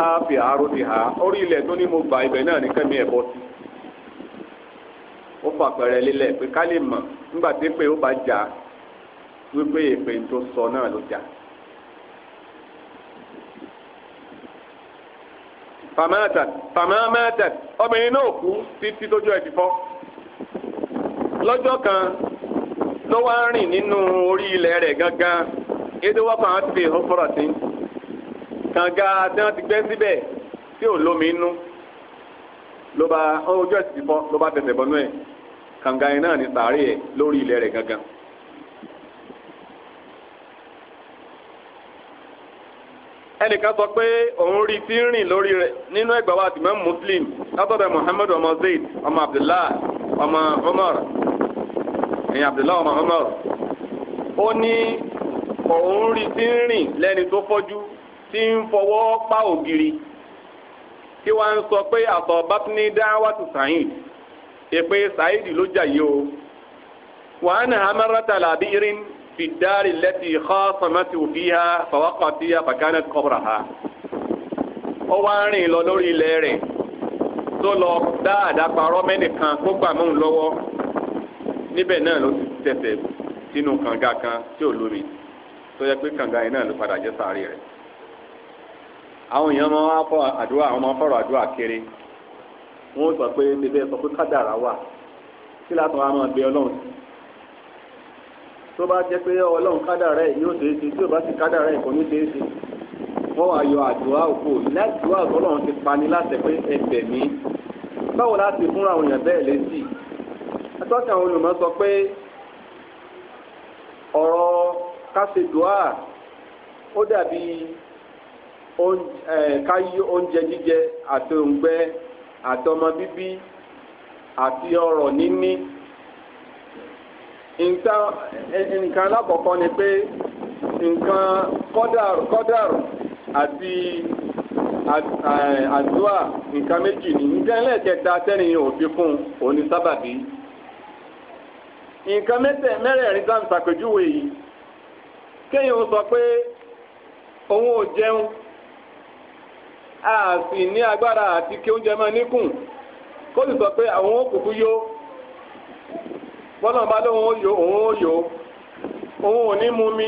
ha fi àárò ha orí ilẹ̀ tó ní mo gbà ibẹ̀ náà ní kẹ́mi sí ó fà pẹ̀rẹ̀ lílẹ̀ pé ká lè mọ̀ nígbà wípé èpè tó sọ náà ló jà. famata obìnrin náà kú títí tójú ti fọ́ lọ́jọ́ kan ló wá rìn nínú orí ilẹ̀ rẹ̀ gangan èdè wọ́n kàn án ti sí kànga tí ti síbẹ̀ tí ò lómi inú ló bá ojú ẹ̀ ti fọ́ ló bá tẹ̀sẹ̀ bọ́nú ẹ̀ kànga náà ní sàárè ẹnìkan sọ pé òun rí tí ń rìn lórí rẹ̀ nínú ẹgbẹ́ wa tìmọ̀ muslim látọ̀dọ̀ muhammed ọmọ zayd ọmọ abdullahi ọmọ umar ẹ̀yìn abdullahi ọmọ umar ó ní òun rí tí ń rìn lẹ́ni tó fọ́jú tí ń fọwọ́ pa ògiri tí wọ́n ń sọ pé àtọ̀ bátúní dáwàtú sàyìn èpè sàyìn ló jà yìí o wàhánà hamara tàlàbí irin. في الدار التي خاصمته فيها فوقع فيها فكانت قبرها ó wá rìn lọ lórí ilẹ̀ rẹ̀ tó lọ dá àdáparọ́ mẹ́nìkan tó gbà mọ́ òun lọ́wọ́ níbẹ̀ náà ló ti tẹ̀sẹ̀ sínú kànga kan tí ò lómi tó yẹ pé kànga yẹn náà ló padà jẹ́ sáré rẹ̀ àwọn èèyàn máa wá fọ àdúrà àwọn máa fọ̀rọ̀ àdúrà kiri wọ́n sọ pé bíbẹ́ sọ pé kádàrá wà kí látọ̀ wá máa gbé ọlọ́run sí tó bá jẹ́ pé ọlọ́run kádàrá ẹ̀ yóò ṣeé ṣe tí ò bá sì kádàrá ẹ̀ kò ní ṣeé ṣe wọ́n wá yọ àdúrà òkú lẹ́dùá ọlọ́run ti pani láti pé ẹ̀bẹ̀ mi báwo láti fúnra àwọn èèyàn bẹ́ẹ̀ létí atọ́ka àwọn olùmọ̀ sọ pé ọ̀rọ̀ kásìdùá ó dàbí káyí oúnjẹ jíjẹ àti òǹgbẹ àti ọmọ bíbí àti ọrọ̀ níní nǹkan alákọ̀ọ́kọ́ ni pé nǹkan kọ́dàrú kọ́dàrú àti eh, àdúrà nǹkan méjì ni nǹkan ẹlẹ́ẹ̀kẹta tẹ́ni òbí fún òun ni sábàbí nǹkan mẹ́rẹ̀ẹ̀rin tá n ṣàpèjúwe yìí kéèyàn sọ pé òun ò jẹun a sì ní agbára àti kí oúnjẹ máa níkùn kó sì sọ pé àwọn òkùnkùn yó bọ́lá bá lóun ó yó òun ó yó òun ò ní mú mi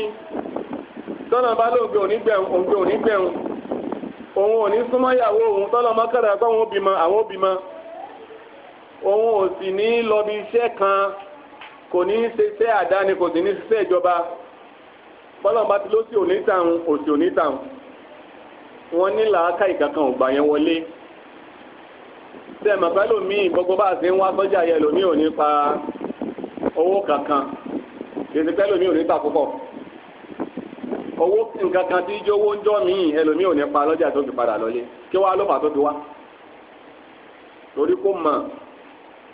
tọ́lá bá lóun gbé òní gbẹ̀hún òun gbé òní gbẹ̀hún òun ò ní súnmọ́ ìyàwó òun tọ́lọ́ mọ́kàdá pé àwọn òbí mọ àwọn òbí mọ òun ò sì ní lọ bí iṣẹ́ kan kò ní ṣe iṣẹ́ àdáni kò sì ní ṣiṣẹ́ ìjọba bọ́lọ́mọba ti ló sí òní òsì òní wọ́n ní làákà ìkankan ò yẹn wọlé tẹ gbogbo bá a ṣe ń wá sọ́jà yẹn lòmíì ò ní pa owó kankan èsì pẹ́ lómi ò ní ta púpọ̀ owó nǹkan kan tí ijó owó ń jọ́ míì ẹlòmí ò ní pa lọ́jà tó fi padà lọ́lé kí wàá ló fà tó fi wá torí kó mọ̀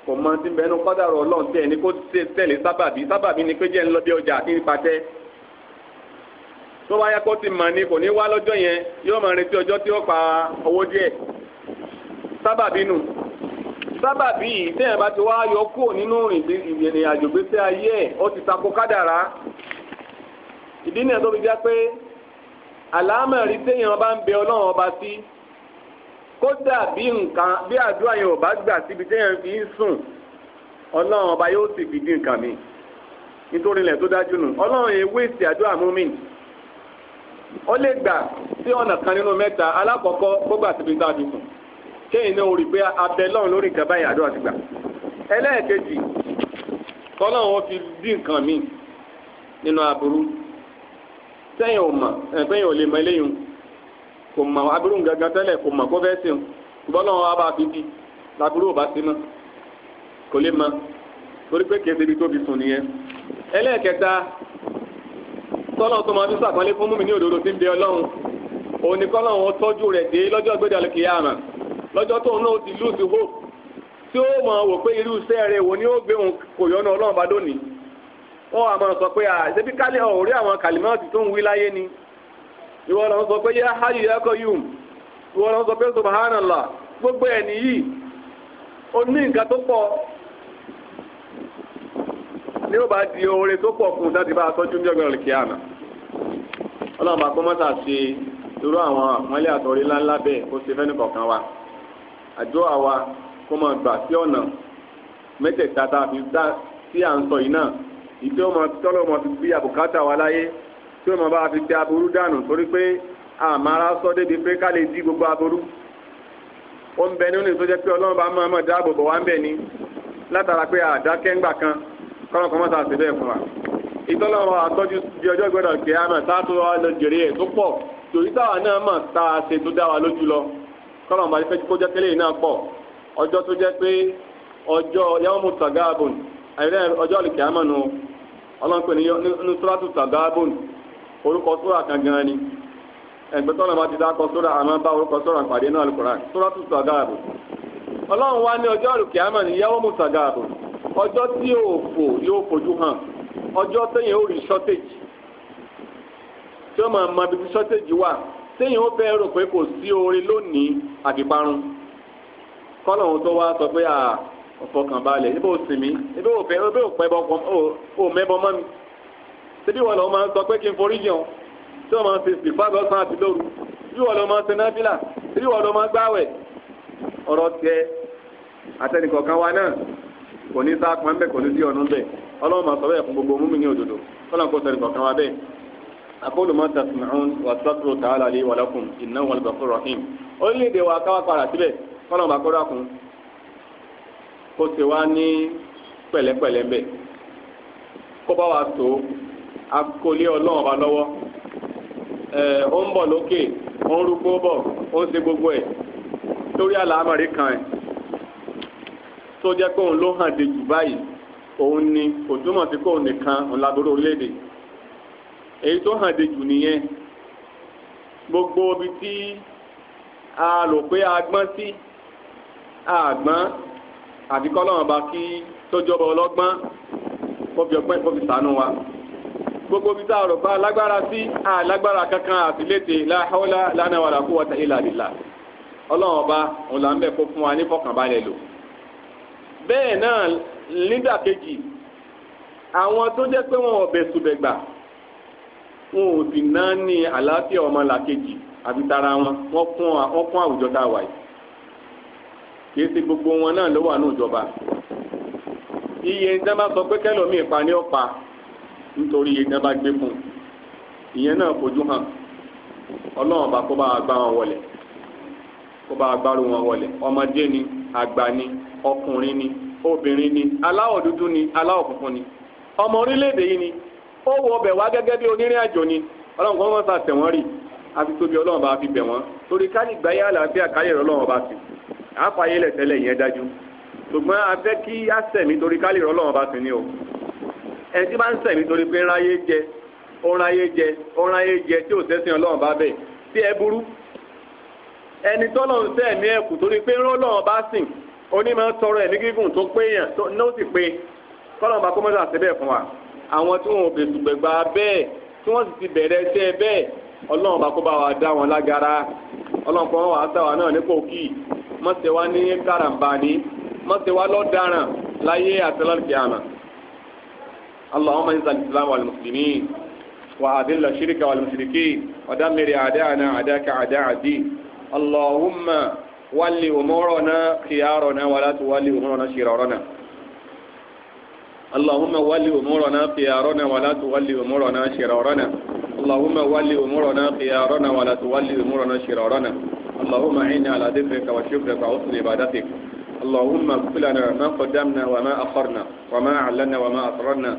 kò mọ tí ń bẹnu kọ́dàrọ̀ ọlọ́run tẹ̀ ní kó tẹ̀lé sábàbí sábàbí ni pé jẹ́ ń lọ bí ọjà àti nípa tẹ́ tó bá yẹ kó ti mọ̀ ni kò ní wá lọ́jọ́ yẹn yóò máa retí ọjọ́ tí ó pa owó díẹ̀ sábàbí nù sábàbí yìí tẹ́yìn bá ti wá yọ kúrò nínú ìrìn àjò gbèsè ayé ẹ̀ ó ti tako kádàrá ìdí nìyẹn tó fi jẹ́ pé àlámọ̀rí téèyàn bá ń bẹ ọlọ́run ọba sí kódà bí nǹkan bí àdúrà yẹn ò bá gbà síbi téèyàn fi ń sùn ọlọ́run ọba yóò sì fi dín nǹkan mi nítorí ilẹ̀ tó dájú nù ọlọ́run ewé ìsì àdúrà mú mi ó lè gbà sí ọ̀nà kan nínú mẹ́ta alákọ̀ọ́kọ́ gbọ́gbà síbi tá a fi sùn kéyìn náà rí pé abẹ lọ́run lórí nǹkan báyìí àdúrà ti gbà ẹlẹ́ẹ̀kejì fi dí nǹkan mi. nínú aburú sẹ́yìn ò mọ̀ ẹ̀fẹ́yìn ò lè mọ eléyìí kò mọ̀ aburú gangan tẹ́lẹ̀ kò mọ̀ kó fẹ́ sìn ṣùgbọ́n náà wọ́n fi di laburú ò bá sí mọ́ kò lè mọ torí pé kìí ṣe ibi sùn nìyẹn ẹlẹ́ẹ̀kẹta tọ́lọ́ tó máa fi fún ní òdodo tí ń bẹ ọlọ́run òun ni tọ́jú lọ́jọ́ tó náà ti lose hope tí ó mọ̀ wò pé irú iṣẹ́ rẹ̀ wò ni ó gbé òun kò ọlọ́run bá lónìí wọ́n wà máa sọ pé àṣebí kálí ọ̀rí àwọn kàlímọ́ọ̀tì tó ń wí láyé ni ìwọ ló sọ pé yá háyù yá yùm ìwọ sọ gbogbo ẹ̀ nìyí o ní nǹkan tó pọ̀ ní ó bá oore tó pọ̀ fún un láti bá a tọ́jú ní ọgbẹ́rún àná ọlọ́run bá kọ́ mọ́tà ṣe irú àwọn àpọ́nlé àtọ̀rí wa. àdúrà wa kó máa gbà sí ọ̀nà mẹ́tẹ̀ẹ̀ta tá a fi dá sí à ń sọ yìí náà ìdí ọmọ tọ́lọ́ ọmọ fi bí àbùkátà wa láyé tí ọmọ bá fi tẹ aburú dànù torí pé àmàrà sọ débi pé ká lè di gbogbo aburú ó ń bẹ nínú ìsọjẹ pé ọlọ́run bá máa mọ̀ dáàbò bò wá ń bẹ̀ ni látara pé àdákẹ́ ńgbà kan kọ́nà kan mọ́ta sí bẹ́ẹ̀ fún wa ìtọ́lọ́run àtọ́jú di ọjọ́ ìgbọ́dọ̀ kẹ́ àmọ̀ sáà tó wà lọ jèrè ẹ̀ tó pọ̀ tòyítàwà náà mọ̀ tá a ṣe tó dá wa lójú lọ kọlọm máa fẹ́ kó jẹ́ yìí náà pọ̀ ọjọ́ tó jẹ́ pé ọjọ́ yawmu tagabun àìrẹ́ ọjọ́ lè kíá mọ̀nù ọlọ́run ga ní orúkọ kan gan ni ẹgbẹ́ tọ́lọ̀ ti dákọ sóra àmọ́ bá orúkọ sóra pàdé náà Al-Qur'an tí yóò fò yóò fojú hàn sẹ́yìn ó fẹ́ rò pé kò sí oore lónìí àbíparun kọ́lọ̀ ohun tó wá sọ pé à ọ̀fọkànbalẹ̀ níbo sinmi níbo òfẹ́ níbo òpẹ́bọ ò mẹ́bọ mọ́ mi síbí wọn lọ́ọ́ máa ń sọ pé kí n forí jẹun tí wọ́n máa ń ṣe ìfàgọ́ sàn àti lóru síbí wọn lọ́ọ́ máa ń ṣe náfìlà síbí wọn lọ́ọ́ máa ń gbáwẹ̀ ọ̀rọ̀ tiẹ̀ àtẹnìkọ̀ọ̀kan wa náà kò ní sáà pọn kò ní sí ọ̀nù bẹ́ẹ̀ ọlọ́run máa sọ bẹ́ẹ̀ fún gbogbo mú mi ní òdodo ọlọ́run أقول ما تسمعون واستغفر تعالى لي ولكم إنه هو الغفور الرحيم orílẹ̀-èdè wa káwá padà síbẹ̀ kọ́nà bá kọ́dà kún kó ṣe wá ní pẹ̀lẹ́pẹ̀lẹ́ ń bẹ̀ kó bá wa tó akólé ọlọ́run ọba lọ́wọ́ ẹ̀ ó ń bọ̀ lókè ó ń rúgbó bọ̀ ó ń ṣe gbogbo ẹ̀ torí àlàámọ̀rí kan ẹ̀ tó jẹ́ kóun ló hàn dejù báyìí òun ni kò túmọ̀ sí kóun nìkan òun lágbóró orílẹ̀-èdè èyí tó hàn dejù nìyẹn gbogbo ibi tí a lò pé a gbọ́n sí àgbọ́n àti kọ́lọ́run bá kí tójọba ọlọ́gbọ́n kó fi ọgbọ́n kó wa gbogbo ibi tá a rò pé alágbára sí alágbára kankan àti léde la hawla la wala quwwata illa billah ọlọ́run ọba òun là ń bẹ̀ kó fún wa ní fọkànbalẹ̀ lò bẹ́ẹ̀ náà nídàkejì àwọn tó jẹ́ pé wọn ò bẹ̀sùbẹ̀gbà wọn ò sì náà ní àlàáfíà ọmọ làkejì àfi tara wọn wọn kún àwùjọ tá a wà yìí kìí ṣe gbogbo wọn náà ló wà ní ìjọba iye ní dábàá sọ pé kẹlòmíì pa ní ọ̀pá nítorí iye ní dábàá gbé fún un. ìyẹn náà fojú hàn ọlọ́run bá kó bá gbá wọn wọlé kó bá gbárù wọn wọlé ọmọdé ni àgbà ni ọkùnrin ni obìnrin ni aláwọ̀ dúdú ni aláwọ̀ funfun ni ọmọ orílẹ̀-èdè yìí ni ó ọbẹ̀ wá gẹ́gẹ́ bí onírìn àjò ni ọlọ́run kan wọ́n tẹ̀ rì àfi tóbi ọlọ́run bá fi bẹ̀ wọ́n torí ká lè gbáyé àlàáfíà káyẹ̀ ọlọ́run bá sì àfàyè lẹ̀tẹ̀lẹ̀ yẹn dájú ṣùgbọ́n a fẹ́ kí á torí ká lè bá ní o ẹni bá ń sẹ̀mí pé jẹ jẹ jẹ tí ò sẹ́sìn ọlọ́run bá bẹ̀ àwọn tí wọn ò bẹ̀sù gbẹ̀gbà bẹ́ẹ̀ tí wọ́n sì ti bẹ̀rẹ̀ iṣẹ́ bẹ́ẹ̀ ọlọ́run bá kó bá wa dá wọn lágara ọlọ́run kan wà á sá wa náà ní kòkì mọ̀sẹ̀ wa ní káràmbání mọ̀sẹ̀ wa lọ́daràn láyé àtẹlọ́ọ̀kì àmà اللهم انزل الإسلام والمسلمين وأذل الشرك والمشركين ودمر أعداءنا أعداءك أعداء الدين اللهم ول أمورنا خيارنا ولا تولي أمورنا شرارنا اللهم ول أمورنا خيارنا ولا تول أمورنا شرارنا اللهم ول أمورنا خيارنا ولا تول أمورنا شرارنا اللهم عنا على ذكرك وشكرك وحسن عبادتك اللهم اغفر لنا ما قدمنا وما أخرنا وما أعلنا وما أسررنا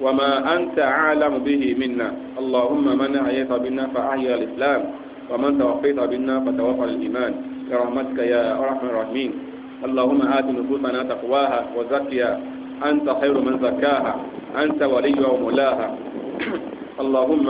وما أنت أعلم به منا اللهم من أحييت بنا فأحيا الإسلام ومن توفيت بنا فتوفى الإيمان برحمتك يا أرحم الراحمين اللهم آت نفوسنا تقواها وزكها أنت خير من زكاها أنت ولي ومولاها اللهم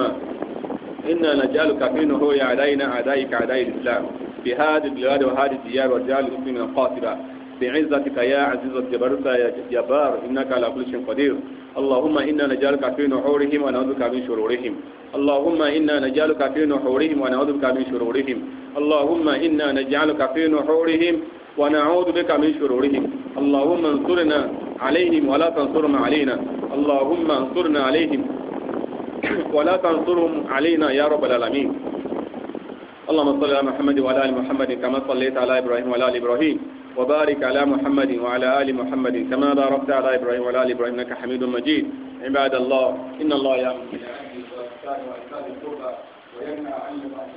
إنا نجعلك في نهوي علينا أعدائك أعداء الإسلام في هذه البلاد وهذه الديار واجعل المسلمين القاصرة بعزتك يا عزيز الجبروت يا جبار إنك على كل شيء قدير اللهم إنا نجعلك في نحورهم ونعوذ بك من شرورهم اللهم إنا نجعلك في نحورهم ونعوذ بك من شرورهم اللهم إنا نجعلك في نحورهم ونعوذ بك من شرورهم اللهم انصرنا عليهم ولا تنصرنا علينا اللهم انصرنا عليهم ولا تنصرهم علينا يا رب العالمين اللهم صل على محمد وعلى ال محمد كما صليت على ابراهيم وعلى ال ابراهيم وبارك على محمد وعلى ال محمد كما باركت على ابراهيم وعلى ال ابراهيم انك حميد مجيد عباد الله ان الله يامر بالعدل والاحسان وايتاء القربى وينهى عن